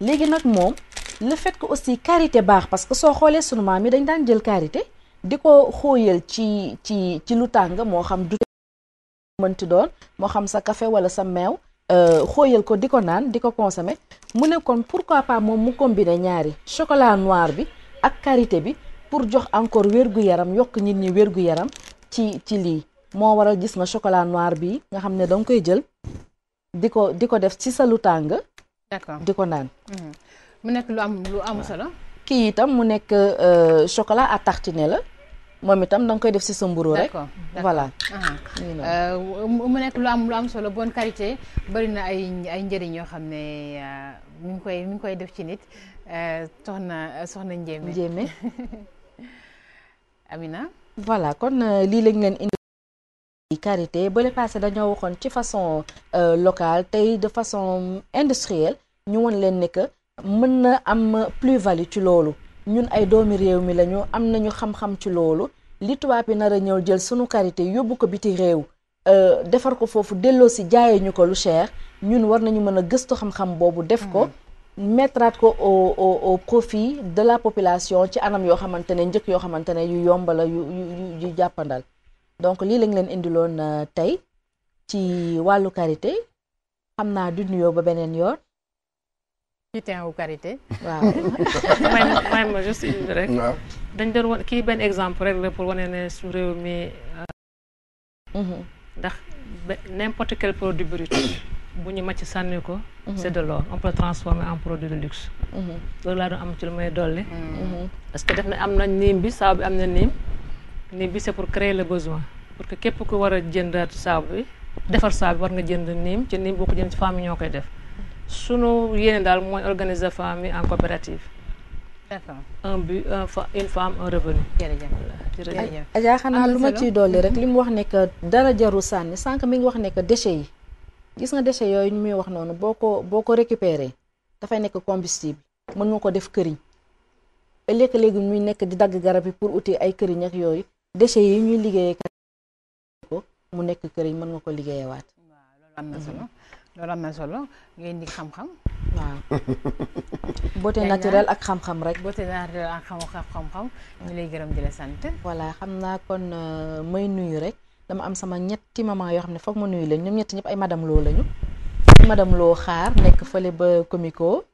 I: léegi nag moom le fait que aussi karité baax parce que soo xoolee sunu maam yi dañ daan jël karité di ko xóoyal ci ci ci lu tàng moo xam du mënti doon moo xam sa café wala sa meew euh, xóoyal ko di ko naan di ko consommer mu ne kon pourquoi pas moom mu combiner ñaari chocolat noir bi ak karité bi pour jox encore wér yaram yokk nit ñi wérgu yaram ci ci lii moo waral gis ma chocolat noir bi nga xam ne danga koy jël di ko di ko def ci sa lu tàng. d'accord di ko naan.
B: Mhm. mu nekk lu am lu am solo.
I: kii itam mu nekk euh, chocolat à ne la. moom itam danga koy def ci sa mburu rek. d'accord voilà.
B: Euh, mu nekk lu am lu am solo bon qualité bari na ay ay njëriñ yoo xam ne euh, mu ngi koy mu ngi koy def ci nit soxna soxna Ndiémé Ndiémé Amina.
I: voilà kon lii lañ leen karité ba le dañoo waxoon ci façon euh, locale tey de façon industrielle ñu won leen ne que mën na am plus value ci loolu ñun ay doomi réew mi lañu am nañu xam-xam ci loolu li tubaab yi nar ñëw jël sunu quarité yóbbu ko biti réew euh, defar ko foofu delloo si jaayee ñu ko lu cher ñun war nañu mën a gëstu xam-xam boobu def ko mm-hmm. mettraat ko au au profit de la population ci anam yoo xamante ne njëkk yoo xamante ne yu yomb yu yu yu jàppandal donc lii lañ leen indiloon na euh, tey ci wàllu karité xam naa du nuyoo ba beneen yoon.
B: butin wu karité.
H: waaw may ma may ma juste dañ doon wan kii benn exemple rek la pour wane ne su réew mi. Euh, mhm. ndax n'importe quel produit brut bu ñu màcc sànni ko. Mhm. c'est de l'or on peut transformer en produit de luxe. Mhm. loolu laa doon am ci lu may dolli. parce que def na am na niim bi saabu am na niim. ni bi c'est pour créer le besoin pour que képp ku war a jëndaat saabu bi defar saabu bi war nga jënd niim ci niim boo ko jënd ci yi ñoo koy def sunu yéene daal mooy organiser femmes yi en coopérative. d'accord un un fa une femme un revenu. jërëjëf jërëjëf. Adja lu ma ciy
I: dolli rek mhm. li mu wax ne que dara jarul sànni sànq mi ngi wax ne que déchets yi gis nga déchets yooyu ñu muy wax noonu boo ko boo ko récupéré dafay nekk combustible mën nga ko def këriñ. lekk léegi muy nekk di dagg garab yi pour uti ay këriñ ak yooyu déchets yi ñuy liggéeyee ko mu nekk kër yi mën nga ko liggéeyewaat. waaw
B: loolu am na solo am ngeen di xam-xam.
F: waaw ak xam
B: rek. beauté naturelle ak xam-xam ñu lay gërëm di la sant. voilà
I: xam naa kon euh, may nuyu rek dama am sama ñetti maman yoo xam ne foog ma nuyu leen ñoom ñetti ñëpp ay madame Lo lañu. madame xaar nekk fële ba Comico.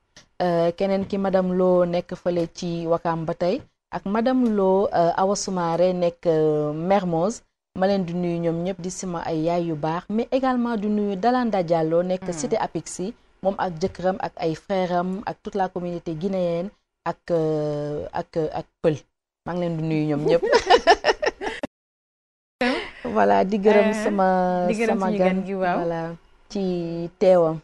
I: Euh, keneen ki madame Lo nekk fële ci Wakaam ba tey. ak madame Lo euh, Awa Soumaré nekk euh, Mermoz ma leen di nuyu ñoom ñëpp di sima ay yaay yu baax mais également du nuyu Dalanda Diallo nekk mm. cité Apixi moom ak jëkkëram ak ay frèram ak toute la communauté guinéenne ak euh, ak ak pël maa ngi leen di nuyu ñoom ñëpp voilà di gërëm eh, sama gan voilà
H: ci teewam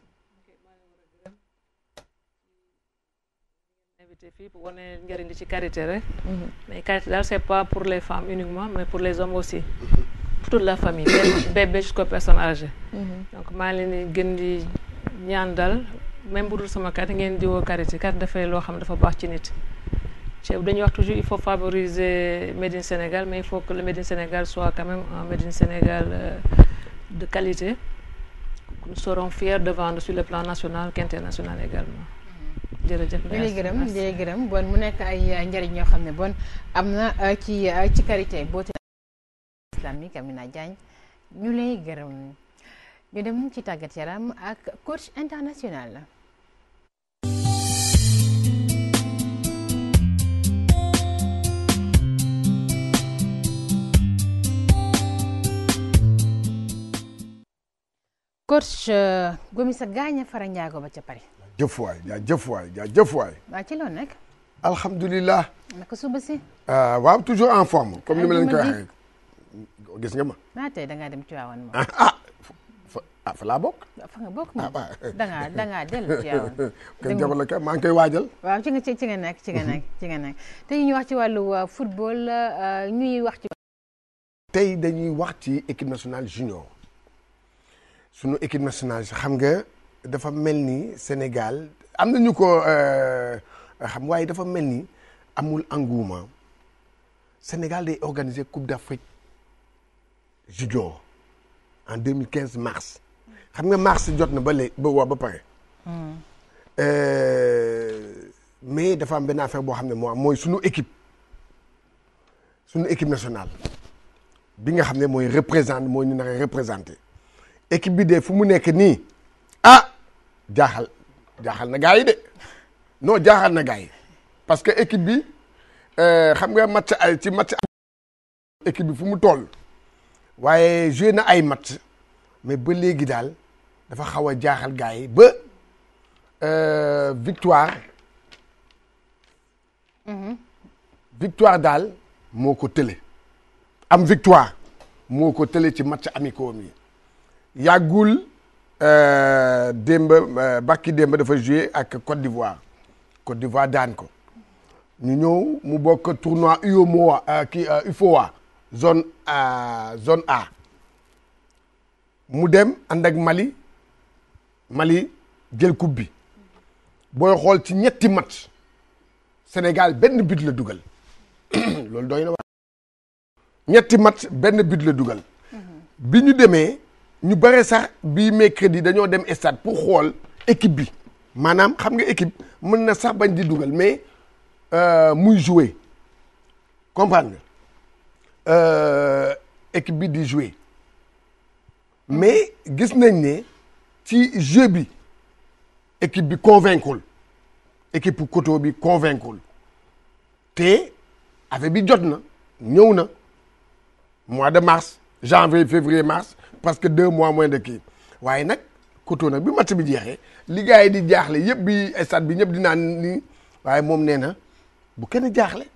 H: fii pour wane njëriñ li ci quarité rek mhm. mais karité daal c'est pas pour les femmes uniquement mais pour les hommes aussi mhm. pour toute la famille bébé jusqu'aux personnes âgées mhm. donc maa leen di gën di ñaan daal même bu dul sama carte ngeen di woo karité carte dafay loo xam dafa baax ci nit ceeb dañuy wax toujours il faut favoriser Made in Sénégal mais il faut que le Made Sénégal soit quand même un Made Sénégal euh, de qualité nous serons fiers de vendre sur le plan national qu'international également jërëjëf ñu lay gërëm ñu
B: lay bon mu nekk ay njëriñ yoo xam ne bon am na euh, ci euh, ci karité boote islamique ñu lay gërëm ci tàggat yaram ak coach international coach euh, Gomis Gagna Fara Ndiago ba ca Paris
G: jëf waay ja jëf waay jaa jëf waay. waa ci loolu
B: naka suba si.
G: Ah, waaw toujours en forme comme ni ma leen gis nga ma.
B: naa ah, tey da ngaa dem Tivaouane moom. ah ah
G: fa ah, laa bokk.
B: fa nga bokk moom da ngaa da
G: kay maa ngi koy waajal.
B: waaw ci nga ci nga nekk ci nga nekk ci nga nekk tey ñu wax ci wàllu uh, football uh, ñuy
G: wax ci. tey dañuy wax ci équipe nationale junior sunu équipe nationale xam nga. dafa mel ni Sénégal am na ñu ko euh, xam waaye dafa mel ni amul engouement Sénégal day organiser Coupe d'Afrique junior en 2015 mars xam nga mars jot na ba léegi ba waa ba pare. Hmm. Euh, mais dafa am benn affaire boo xam ne moo mooy sunu équipe sunu équipe nationale bi nga xam ne mooy représente mooy ñu nar a équipe bi de fu mu nekk nii ah, jaaxal jaaxal na gars yi de non jaaxal na gars parce que équipe bi euh, xam nga match ay ci match équipe bi fu mu toll waaye joué na ay matt mais ba léegi daal dafa xaw a jaaxal gars yi ba euh, victoire mm-hmm. victoire daal moo ko tële am victoire moo ko tële ci match amicaux yi yàggul Euh, démb euh, bakki démb dafa joué ak Côte d'Ivoire Côte d'Ivoire daan ko ñu ñëw mu bokk tournoi UEMOA euh, kii UFOA zone zone A mu dem ànd ak Mali Mali jël coupe bi booy xool ci ñetti match Sénégal benn bit la dugal loolu doy na wax ñetti match benn but la dugal mhm. bi ñu demee. ñu bare sax bii mercredi dañoo dem stade pour xool équipe bi maanaam xam nga équipe mën na sax bañ di dugal mais euh, muy jouer comprendre nga euh, équipe bi di jouer mais gis nañ ne ci jeu bi équipe bi convaincul équipe bu Koto bi convaincul te affaire bi jot na ñëw na mois de mars janvier février mars parce que deux mois moins de kii waaye nag Cotonou nag bi match bi jeexee li gars yi di jaaxle yëpp bi stade bi ñëpp di naan ni waaye moom nee na bu kenn jaaxle.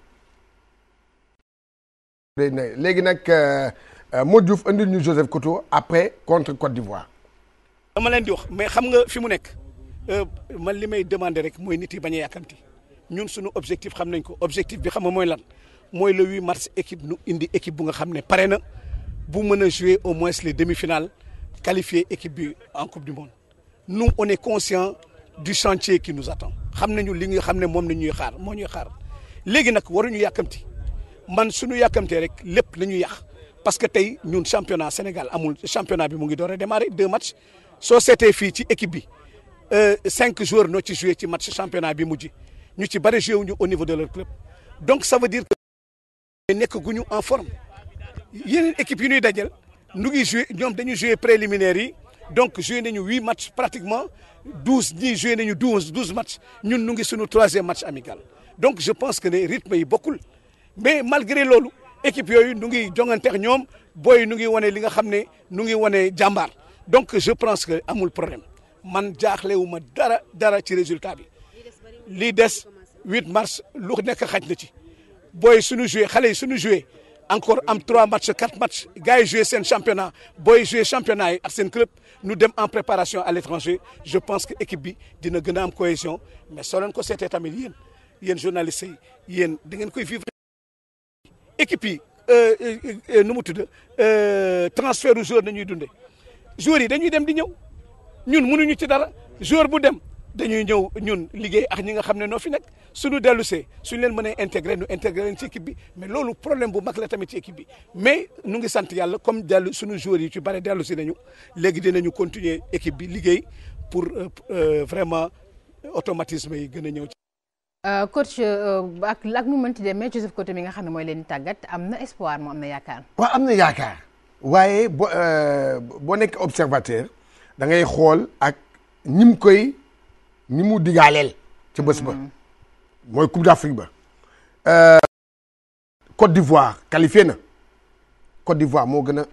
G: léegi nag euh, euh, Modou Diouf andil ñu Joseph Koto après contre Côte d'Ivoire.
J: dama leen di wax mais xam nga fi mu nekk euh, man li may demander rek mooy nit yi bañ a yàkkamti ñun suñu objectif xam nañ ko objectif bi xam nga mooy lan mooy le 8 mars équipe nu indi équipe bu nga xam ne pare na. bu mën a jouer au moins les demi-finales qualifier équipe bi en coupe du monde nous on est conscient du chantier qui nous attend xam nañu li nga xam ne moom la ñuy xaar moo ñuy xaar léegi nag ñu yàkkamti man suñu yàkkamtee rek lépp la ñuy yàq parce que tey ñun championnat Sénégal amul championnat bi mu ngi door a démarrer deux matchs soo seetee fii ci équipe bi euh, cinq joueurs noo ci joué ci match championnat bi mu ji ñu ci bëri joué wuñu au niveau de leur club donc ça veut dire que en forme yeneen équipe yu ñuy dajal nu ngi joué ñoom dañuy joué préliminaires yi donc joué nañu huit matchs pratiquement douze ñii joué ñu douze douze matchs ñun nu ngi suñu troisième match amical donc je pense que ne rythme yi bokkul mais malgré loolu équipe yooyu nu ngi jonganteex ñoom booy nu ngi wane li nga xam ne nu ngi wane jàmbaar donc je pense que amul problème man jaaxlewu ma dara dara ci résultat bi lii des huit mars lu nekk xaj na ci booy sunu joué xale yi suñu joué encore am trois matchs quatre matchs gars yi joué seen championnat booy joué championnat yi ak seen club ñu dem en préparation à l'étranger je pense que équipe bi dina gën a am cohésion mais soo leen ko seetee tamit yéen yéen journalistes yi yéen da ngeen koy vivre équipe yi euh, euh, euh, nu mu tudd transfert u joueur nañuy dundee joueurs yi dañuy dem di ñëw ñun mënuñu ci dara joueur bu dem dañuy ñëw ñun liggéey ak ñi nga xam ne noo fi nekk suñu dellusee suñu leen mënee intégré ñu intégré leen ci équipe bi mais loolu problème bu mag la tamit ci équipe bi mais ñu ngi sant yàlla comme dellu suñu joueurs yi ci bare dellu si nañu léegi dinañu continuer équipe bi liggéey pour euh, vraiment automatisme yi gën a ñëw ci
B: euh, coach euh, ak ak nu mënti demee Joseph Koto mi nga xam ne mooy leen tàggat am na espoir moo am na yaakaar
G: waaw am na yaakaar waaye boo boo nekk observateur da ngay xool ak ñim ñi mu digaaleel ca bés ba mooy coupe d'Afrique ba euh, Côte d'Ivoire qualifié na Côte d'Ivoire moo gën a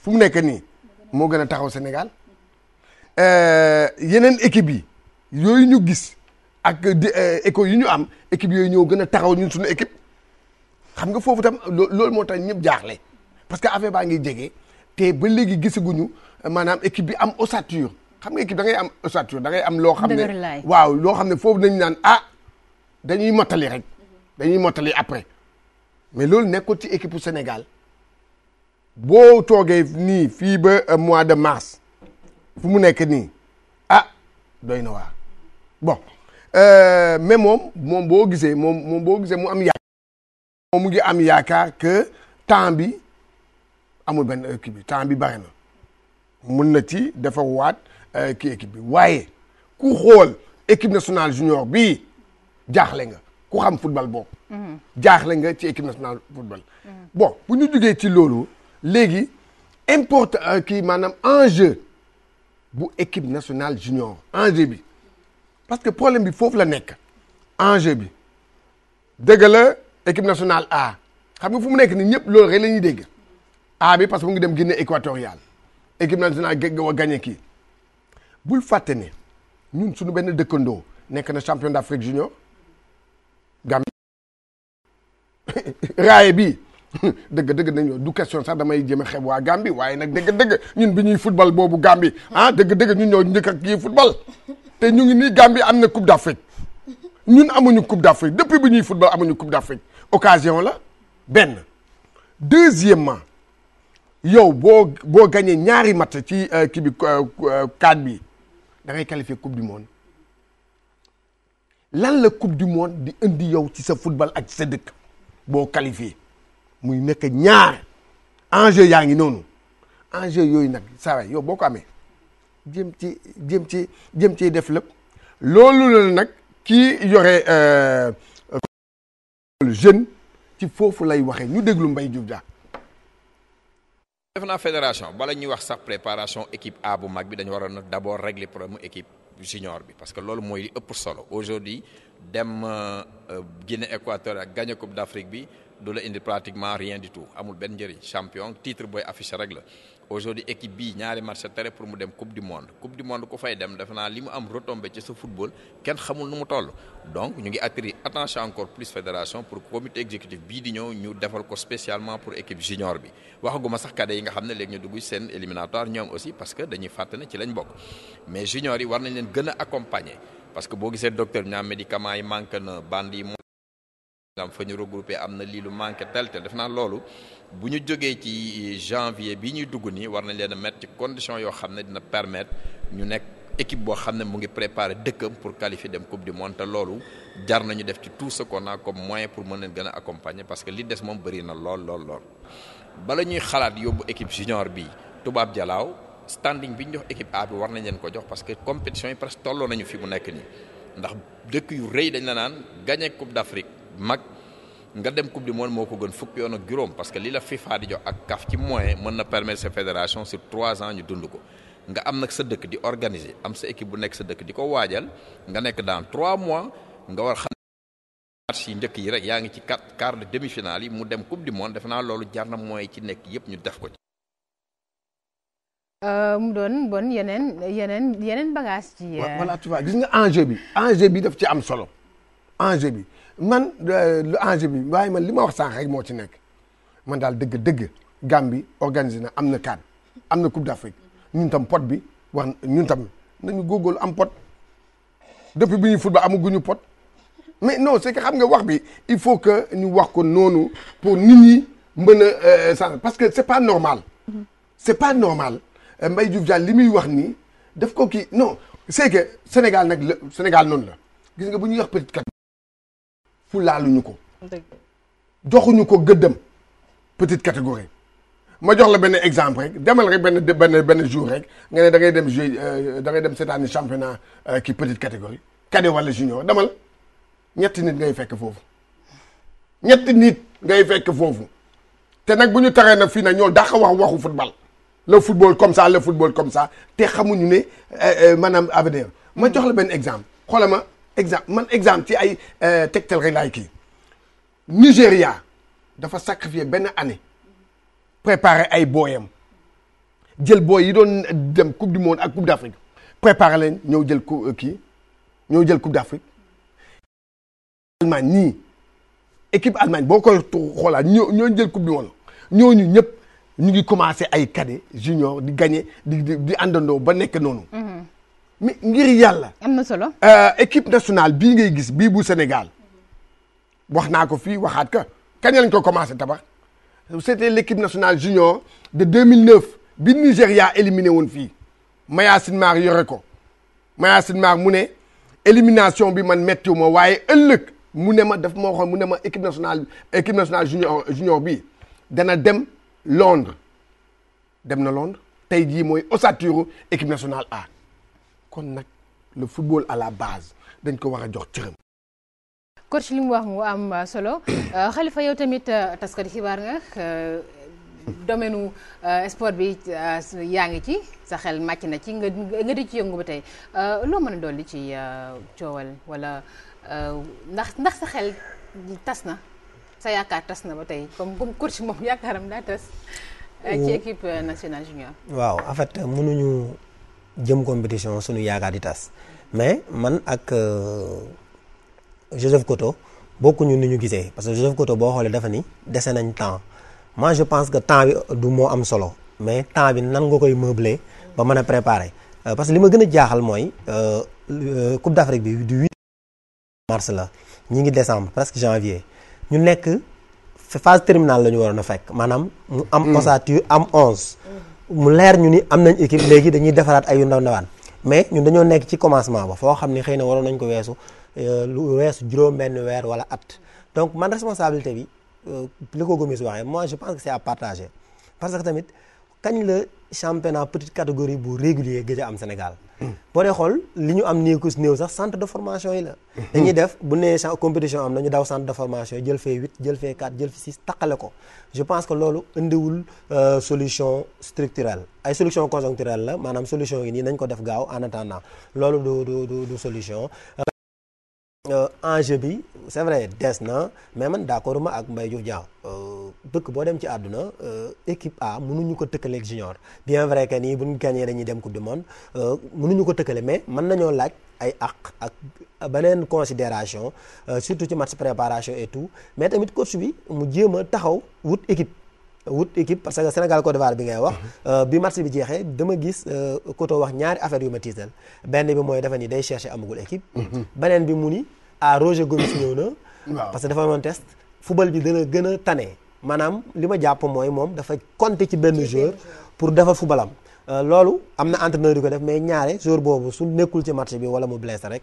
G: fu mu nekk nii moo gën a taxaw Sénégal euh, yeneen équipe yi yooyu ñu gis ak euh, école yu ñu am équipe yooyu ñoo gën a taxaw ñun suñu équipe xam nga foofu tam loolu moo tax ñëpp jaaxle parce que affaire baa ngi jege te ba léegi gisaguñu maanaam équipe bi am ossature xam nga équipe da ngay am ossature da ngay am loo xam ne waaw loo xam ne foofu dañu naan ah dañuy mottali rek dañuy mottali après mais loolu nekkul ci équipe Sénégal boo toogee nii fii ba euh, mois de mars fu mu nekk nii ah doy na waar bon euh, mais moom moom boo gisee moom boo gisee mu am yaakaar moom mu ngi am yaakaar que temps bi amul benn équipe temps bi bare na mun na ci dafa waat Euh, kii équipe bi waaye ku xool équipe nationale junior bii jaaxle nga ku xam football boobu. Mhm. jaaxle nga ci équipe nationale football. Mhm. bon bu ñu jugee ci loolu léegi importe euh, kii maanaam enjeu bu équipe nationale junior enjeu bi parce que problème bi foofu la nekk enjeu bi dëgg la équipe nationale A xam nga fu mu nekk nii ñëpp loolu rek la ñuy dégg A bi parce que mu ngi dem Guinée équatoriale équipe nationale ga wa gagné kii. bul fàtte suñu benn dëkkandoo nekk na champion d'Afrique junior Gambie raaye bii dëgg-dëgg nañu du question sax damay jéem a xeeb waa Gambie waaye nag dëgg-dëgg ñun bi ñuy football boobu Gambie ah dëgg-dëgg ñun ñoo njëkk kii football te ñu ngi nii Gambie am na coupe d'Afrique ñun amuñu coupe d'Afrique depuis bi ñuy football amuñu coupe d'Afrique occasion la benn deuxièmement yow boo boo gagné ñaari matt ci euh, kii bi euh, euh, bi da ngay qualifier coupe du monde lan la coupe du monde di indi yow ci sa football ak sa dëkk boo qualifié muy nekk ñaar enjeu yaa ngi noonu enjeu yooyu nag saa yow boo ko amee jëm ci jëm ci jëm ci def lépp loolu la nag ki yore euh, jeune ci foofu lay waxee ñu déglu Mbaye Diouf Dia
K: def naa fédération bala ñuy wax sax préparation équipe A bu mag bi dañu waroon a d' abord régler problème équipe junior bi parce que loolu mooy li ëpp solo aujourd'hui dem euh, Guinée Équatoriale gagné Coupe d' Afrique bi. du la indi pratiquement rien du tout amul benn njëriñ champion titre booy affiché rek la équipe bii ñaari match tere pour mu dem coupe du monde coupe du monde ku fay dem defe naa li mu am retombé ci sa football kenn xamul nu mu toll donc ñu ngi attirer attention encore plus fédération pour comité exécutif bii di ñëw ñu defal ko spécialement pour équipe junior bi waxaguma sax cadets yi nga xam ne léegi ñu dugg seen éliminatoire ñoom aussi am fa ñu regroupé am na lii lu manqué tel def naa loolu bu ñu jógee ci euh, janvier bi ñuy dugg nii war nañ leen a mettre ci condition yoo xam ne dina permettre ñu nekk équipe boo xam ne mu ngi préparé dëkkam pour qualifier dem coupe du monde te loolu jar nañu def ci tout ce qu'on a comme moyen pour mën leen gën a accompagner parce que li des moom bëri na lool lool lool. bala ñuy xalaat yóbbu équipe junior bi tubaab jalaaw standing bi ñu jox équipe A bi war nañ leen ko jox parce que compétition yi presque tolloo nañu fi mu nekk nii ndax dëkk yu rëy dañ la naan gagné coupe d'Afrique. mag nga dem coupe du monde moo ko gën fukki yoon ak juróom parce que li la FIFA di jox ak CAF ci moyen mën na permettre sa fédération sur trois ans ñu dund ko nga am nag sa dëkk di organiser am sa équipe bu nekk sa dëkk di ko waajal nga nekk dans trois mois nga war xam match yi njëkk yi rek yaa ngi ci quatre quart de demi finale yi mu dem coupe du monde defe naa loolu jar na moyen ci nekk yëpp ñu def ko ci.
B: Euh, mu doon bon yeneen yeneen yeneen bagage ci. Euh,
G: gis nga enjeu bi engée bi daf ci am solo enjeu bi. man euh, lu enjeu bi waaye man li ma wax sànq rek moo ci nekk man daal dëgg dëgg bi organise na am na CAN am na Coupe d'Afrique ñun tam pot bi wax ñun tam nañu góorgóorlu am pot depuis bi ñuy football amaguñu pot mais non c'est que xam nga wax bi il faut que ñu wax ko noonu pour nit ñi mën a euh, sànq parce que c'est pas normal. c'est pas normal euh, Mbaye Diouf Diallo li muy wax ni daf ko kii non c'est que Sénégal nag la Sénégal noonu la gis nga bu ñuy wax peut-être laaluñu ko. joxuñu ko gëddam petite catégorie. ma jox la benn exemple rek demal rek benn benn benn jour rek nga ne da ngay dem ju euh, da dem cette année championnat euh, kii petite catégorie cadet wala junior demal ñetti nit ngay fekk foofu ñetti nit ngay fekk foofu te nag bu ñu taree na fii nag ñoo dàq wax waxu football le football comme ça le football comme ça te xamuñu ne euh, maanaam avenir ma jox la benn exemple xoolal ma exemple man exemple ci ay euh, tegtal rek laay kii Nigéria dafa sacrifier benn année préparer ay booyam jël booy yi doon dem coupe du monde ak coupe d'Afrique préparer leen ñëw jël ku euh, kii ñëw jël coupe d'Afrique Allemagne ñii équipe Allemagne boo koy xoolaat ñoo ñoo jël coupe du monde ñooñu ñëpp ñu ngi commencé ay cadet junior di gagné di di àndandoo ba nekk noonu. Mm-hmm. mi ngir yàlla. am na solo. Euh, équipe nationale bii ngay gis bii bu Sénégal wax naa ko fii waxaat ka kañ lañ ko commencé tabax c'était l'équipe nationale junior de 2009 bi Nigéria éliminé woon fii Mayacine Mar yore ko Mayacine Mar mu ne élimination bi man méttiwuma waaye ëllëg mu ne ma daf ma waxoon mu ne ma équipe nationale équipe nationale junior junior bii dana dem Londres dem na Londres tey jii mooy ossature équipe nationale A. kon nag le football à la base dañ ko war a jox cëram.
B: coach li mu wax mu am euh, solo xalifa euh, yow tamit euh, taskati xibaar nga domaine sport bi yaa ngi ci sa xel màcc na ci nga nga di ci yëngu ba tey loo mën a dolli ci coowal wala ndax ndax sa xel tas na sa yaakaar tas na ba tey comme comme coach moom yaakaaram daa tas. ci équipe nationale junior.
L: waaw en fait mënuñu. jëm compétition suñu yaakaar di tas mais man ak euh, Joseph Koto bokkuñu ni ñu gisee parce que Joseph Koto boo xoolee dafa ni dese nañ temps moi je pense que temps bi du moo am solo mais temps bi nan nga koy meubler ba mën a préparer euh, parce que li ma gën a jaaxal mooy euh, Coupe d'Afrique bi du 8 mars la ñi ngi décembre presque janvier ñu nekk phase terminal la ñu waroon a fekk maanaam mu am mm. ossature am 11 mu leer ñu ni am nañ équipe léegi dañuy defaraat ay yu ndaw ndawaan mais ñun dañoo nekk ci commencement ba foo xam ni xëy na waroon nañ ko weesu euh, lu weesu juróom-benn weer wala at donc man responsabilité bi euh, li ko Gomis waxee moi je pense que c'est à partager parce kañ la championnat petite catégorie bu régulier gëj am Sénégal. boo dee xool li ñu am néew kus néew sax centre de formation yi la. dañuy def bu nee compétition am na ñu daw centre de formation jël fee huit jël fee quatre jël fee six taqale ko je pense que loolu indiwul euh, solution structurelle ay solution conjoncturelle la maanaam solution yi nii nañ ko def gaaw en attendant loolu du du du solution. Euh, enjeu bi c'est vrai des na mais man d'accord ma ak Mbaye Diouf Diaw euh, dëkk boo dem ci àdduna euh, équipe A mënuñu ko tëkkaleeg junior bien vrai que nii bu ñu gagné dañuy dem coupe du monde mënuñu ko tëkkale mais mën nañoo laaj ay àq ak beneen considération surtout ci match préparation et tout mais tamit coach bi mu jéem a taxaw wut equipe wut équipe parce que Sénégal Côte d'Ivoire bi ngay wax. Mm-hmm. bi match bi jeexee dama gis Koto wax ñaari affaire yu ma tiital benn bi mooy dafa ni day chercher amagul équipe. Mm-hmm. beneen bi mu ni ah Roger Gomis ñëw na. waaw parce que dafa amoon test. football bi dana gën a tane manaam li ma jàpp mooy moom dafa conti ci benn joueur pour defar football euh, loolu am na entraîneur yu ko def mais ñaare jour boobu su nekkul ci match bi wala mu blessé rek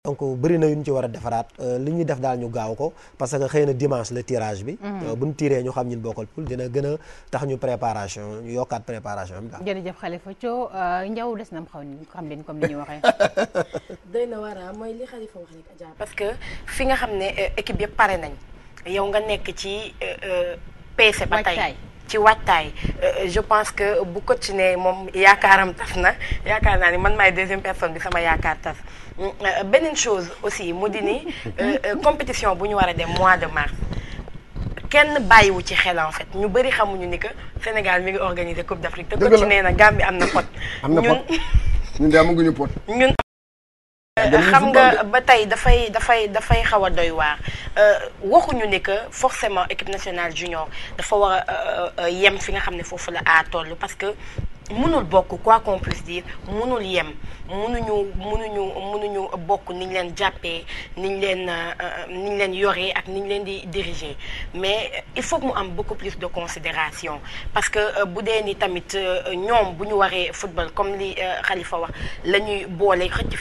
L: donc bëri na yu ñu ci war a defaraat euh, li ñuy def daal ñu gaaw ko parce que xëy na dimanche la tirage bi. Mhm. Euh, bu ñu tiree ñu xam ñun bokkal poule dina gën a tax ñu préparation ñu yokkaat préparation am daal.
B: jërëjëf Khalifa Thio euh, Ndiaw des na xaw xam leen comme ni ñu waxee.
M: doy na wara ah, mooy li Khalifa wax rek Adja parce que fi nga xam ne équipe yëpp pare nañ yow nga nekk ci PC e ba ci waajtaay euh, je pense que bu coach moom yaakaaram tas na yaakaar naa ni man maay deuxième personne bi sama yaakaar tas euh, beneen chose aussi mu di ni euh, compétition bu ñu war a dem mois de mars kenn bàyyiwu ci xel en fait ñu bëri xamuñu ni que Sénégal mi ngi organiser Coupe d'Afrique te coach nee na Gambie am na pot ñun
G: ñun de amaguñu pot Euh, xam nga
M: ba tey dafay dafay dafay xaw a doy waar euh, waxuñu ne que forcément équipe nationale junior dafa war euh, yem fi nga xam ne foofu la a toll parce que mënul bokk quoi qu'on puisse dire mënul yem mënuñu mënuñu mënuñu bokk niñ leen jàppee niñ leen niñ leen yoree ak niñ leen di diriger mais il faut mu am beaucoup plus de considération parce que bu dee nii tamit ñoom bu ñu waree football comme li Khalifa wax la ñuy boole xëcc